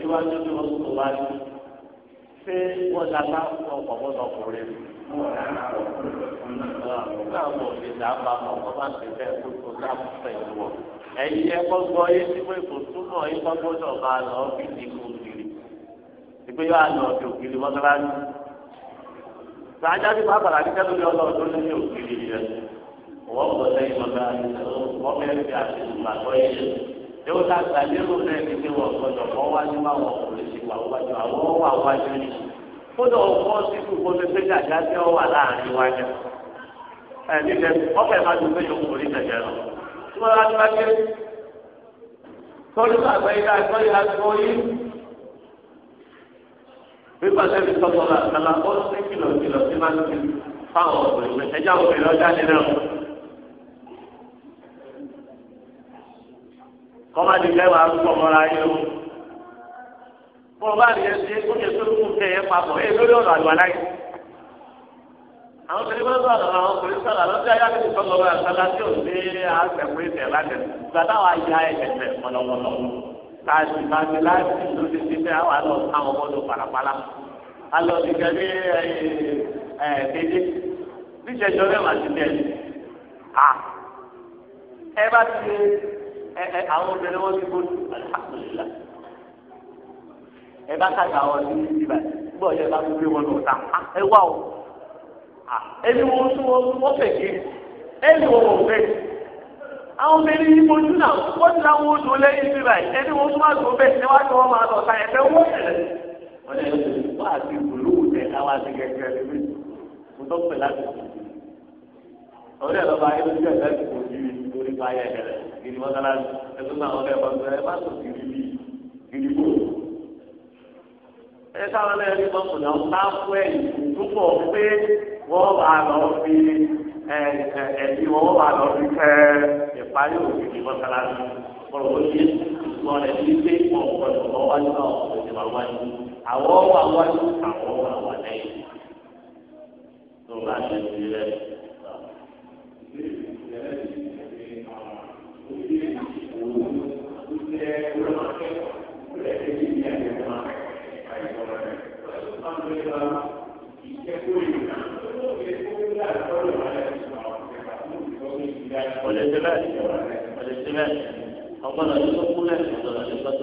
síwájú bí wọ́n tó wá ní ṣé wọ́n dábàá fún ọkọ̀ mọ́tò ọkùnrin náà wọ́n lè dábàá fún ọkọ̀ bá ti bẹ́ẹ̀ kó tó dábàá fún ẹ̀yìn wọn. ẹ̀yin ẹ̀kọ́ gbọ́ yé sí pé kò túnmọ̀ yín kọ́ gbọ́dọ̀ máa lọ bí ti kú kiri ìgbé yóò lọ bí òkiri mọ́sálásí. sàájá bí pàápàá àti kẹ́lómi ọlọ́ọ̀dọ́ ló ní òkiri yẹn wọ́n kọ́ sẹ́yìn mọ́sálásí wọ́n fẹ́ẹ́ fi àṣẹ yóò la gbàlérò náà ní pé wọ́n gbọ́dọ̀ kọ́ wájú bá wọn kò lè ṣe wà wájú àwọn wà wájú ni kódà ọkọ síbi kó lè fẹ́ gàdá tí ó wà láàrin wájú pé yòókù orí lọ tí tọ́lú àgbẹ̀ yìí láti tọ́lú yìí ó kìlọ̀ kìlọ̀ sí kọ́má ti fẹ́ wàá rúkọ mọ́ra yín o. Mo bá rí ẹsẹ̀ ó yẹ kó kún tẹ̀ ẹ́ papọ̀ ẹ lórí ọ̀rọ̀ àlùwà láyé. Àwọn kìlí bọ́lá sọ̀rọ̀ àwọn kìlí sọ̀rọ̀ àwọn tí a yára ti sọ̀rọ̀ wọ́n àtàlà tí ò ní àgbẹ̀kú ìtẹ̀ láti gbà táwọn ayá ẹ̀ẹ̀tẹ̀ pọ̀lọpọ̀lọ. Káàsì máa ń láti ló ti ti fẹ́ àwọn àlọ́ àwọn ọmọdé pàlàpàlà. Alọ́ ti gẹ́ bí ẹ̀ẹ́dẹ́dẹ́. Níṣẹ́jọ́ mẹ́wàá ti bẹ̀rẹ̀. Ẹ bá ti ẹ àwọn obìnrin wọn ti gbódù alihamudulila ẹ bá kàgbà wọn ní ibi báyìí gbọ́ yẹ bá gbé wọn lọ́ta ah, ẹ wá o ah, ẹni wo tún wọn wọ́n fẹ̀ kí ẹni wo wọ́n fẹ́ àwọn obìnrin yìí mojú náà wọ́n ti láwọn oṣù lẹ́yìn ibi báyìí ẹni wo tún wá tó bẹ́ẹ̀ ni wọ́n ti wọ́n máa lọ ta ẹ̀fẹ́ wọ́n tẹ̀lé wọ́n ti wọ́n àti gbòlówó tẹ̀ láwọn àti gẹ́gẹ́ rẹ̀ mi mo tọ́ pẹ̀ láti sùn ọ̀rẹ́ lọ́ba ayélujú ẹ̀ láti kò ju orí pa ayé ẹ̀rẹ̀ gidi mọ́sálásí ẹ̀tún náà ọ̀rẹ́ ọ̀gbọ̀n ẹ̀ má sùn gidi bí gidi bò. ẹ káwọn náà ní bọ́ọ̀mù náà bá fún ẹ̀ túbọ̀ pé wọ́n bá lọ fi ẹ̀bí wọn bá lọ fi kẹ́ ìparí òfin ní mọ́sálásí kọ̀rọ̀ ó yé ìgbọ́n rẹ̀ ní pé ọ̀pọ̀ ìgbọ́n wájú náà ọ̀pọ̀ ìgbọ́n àwọn wà wájú àwọn wà wà lẹ́yìn tó bá ṣe ti rẹ̀ ọgbọ́n ọdún tó kú lẹ́sìn ọ̀dọ̀ ní gbọ́dọ̀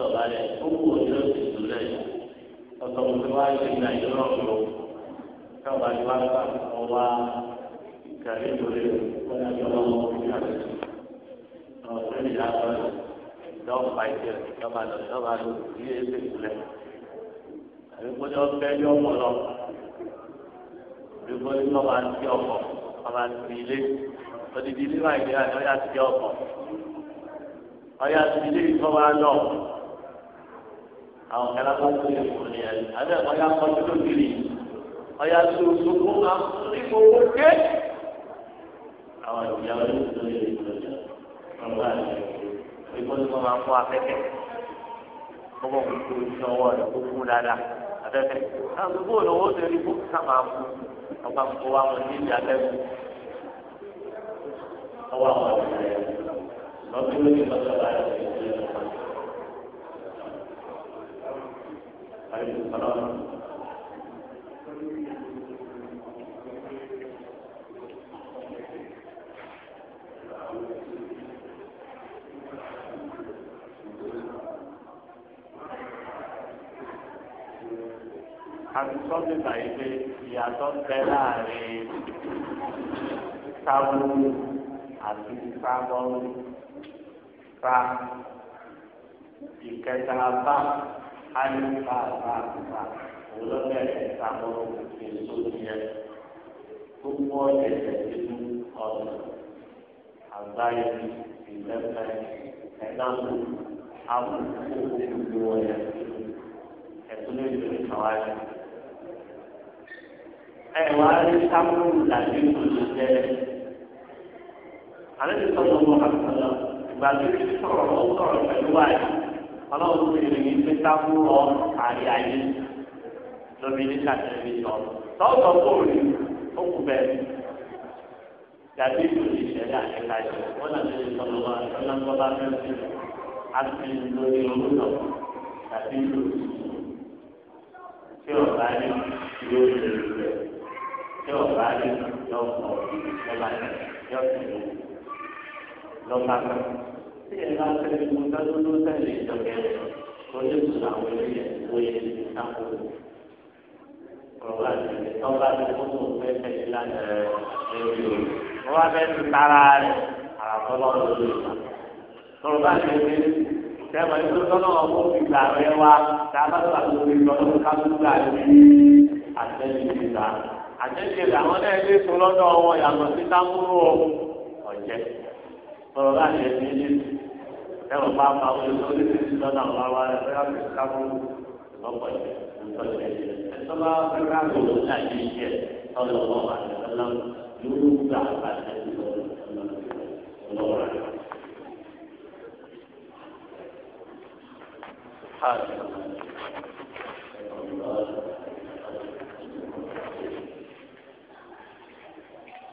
ọ̀gá rẹ̀ ó kú òní ló sì dùn lẹ́yìn ọ̀sọ̀ òun ti wá sí ìgbà ìlú ọ̀gbọ̀n káwọn àti wá gbà wọ́n wá. تعليم وليه ولا يرى ọ̀sẹ̀ ìyá ọ̀rẹ́ lọ́wọ́ pàṣẹ ìjọba lọ ìjọba lọ sí ẹsẹ̀ ìpìlẹ̀ àbíkọ́jọ́ fẹ́ yọ ọmọ lọ àbíkọ́jọ́ lọ́ máa ń tí ọkọ̀ wọ́n máa ń tí ilé odidi ilé wáyé ìlera ni ọ̀yà tí ọkọ̀ ọ̀yà tí ilé ìtọ́ máa lọ àwọn kẹlẹ́ bá tó lè fún ni ẹ̀rí àbẹ́ ọ̀yà kọjú lókìrì ọ̀yà tó sọkún àwọn onígbòwò ké àwọn ìyá olóòtú lórí ìtọ́jú ọgbà rẹ̀ ìgbó tí wọ́n máa ń kó afẹ́fẹ́ gbogbo gbogbo iṣẹ́ ọwọ́ rẹ̀ kó fún dáadáa afẹ́fẹ́ gbogbo olówó tó rí fún ká máa fún ọgbà gbogbo wa wọn ní ìdí afẹ́fẹ́ ọwọ́ àwọn ọ̀rẹ́ rẹ̀ lọ́dún lórí ìtọ́jú ọgbà rẹ̀ ìtọ́jú ọgbà rẹ̀. àtúntọ́jú báyìí pé ìyàtọ̀ bẹ láàrin sáwọ́ àti sáwọ́ fa ìkẹta bá àyùbá bá bá olóbẹ̀rẹ̀ sáwọ́ èso yẹn gbogbo ọ̀dẹ̀ tẹ̀síwú ọ̀dọ̀ àgbáyé ìlẹ́fẹ̀ ẹ̀dáwó àbùkù gbogbo ọ̀yà ẹ̀kúnlẹ̀ ìlú àwáyé. ẹ wá rí sáfù ìdájọ́ ìlú jẹ́ alẹ́ ti sọ̀rọ̀ wọn àtàlà ìgbà tó ti sọ̀rọ̀ wọn sọ̀rọ̀ pẹ̀lú wáyé ọlọ́run ti rìn ní pẹ́tà fún ọ àrí ayé lómi ní kàtẹ́rì sọ̀rọ̀ tọ́wọ́ sọ̀rọ̀ ó kù bẹ́ẹ̀ dàbí ìlú ìṣẹ̀lẹ̀ àtẹ̀kájọ wọn náà lè sọ̀rọ̀ wá sọ́nàgbọ́ bá fẹ́ sí àti lórí owó náà dàbí ìlú tí ọ̀gá ní yóò lè rẹ̀ tí ọ̀gá ní yóò pọ̀ lọ́ba yóò tẹ̀lé lọ́ba kan tí ẹ̀ bá fẹ́ mú lọ́dún ló tẹ̀lé ìjọba ẹ̀ tó lè sùn àwọn ilé ẹ̀ tó yẹ ní sáfù ọ̀gá ní tọ́ba ní kótó fẹ́ tẹ̀lé lánàá ẹ̀ lórí wọ́n wá fẹ́ẹ́ tara rẹ̀ àràtọ́lọ́ lórí ìgbà. Tọ́lọ́ bá ti ṣe sẹ́wọ̀n ní tọ́lọ́ ọ̀pọ̀ ìgbà rẹ̀ wá tá a bá tó àtúntò ìgbà ọ̀pọ̀ ká tó gbà ní àtẹ́lẹ̀ ìgbà. wọn náà lè so lọ́dọ̀ wọn yàtọ̀ sí tábúrò ọ̀jẹ̀. Tọ́lọ́ bá ti ṣe ní sẹ́wọ̀n bá bá wọn lọ sí ti lọ́dọ̀ àwọn ará rẹ̀ fẹ́ láti tábúrò lórí gbà àti ọlọ́wọ́ rẹ̀. Thank you.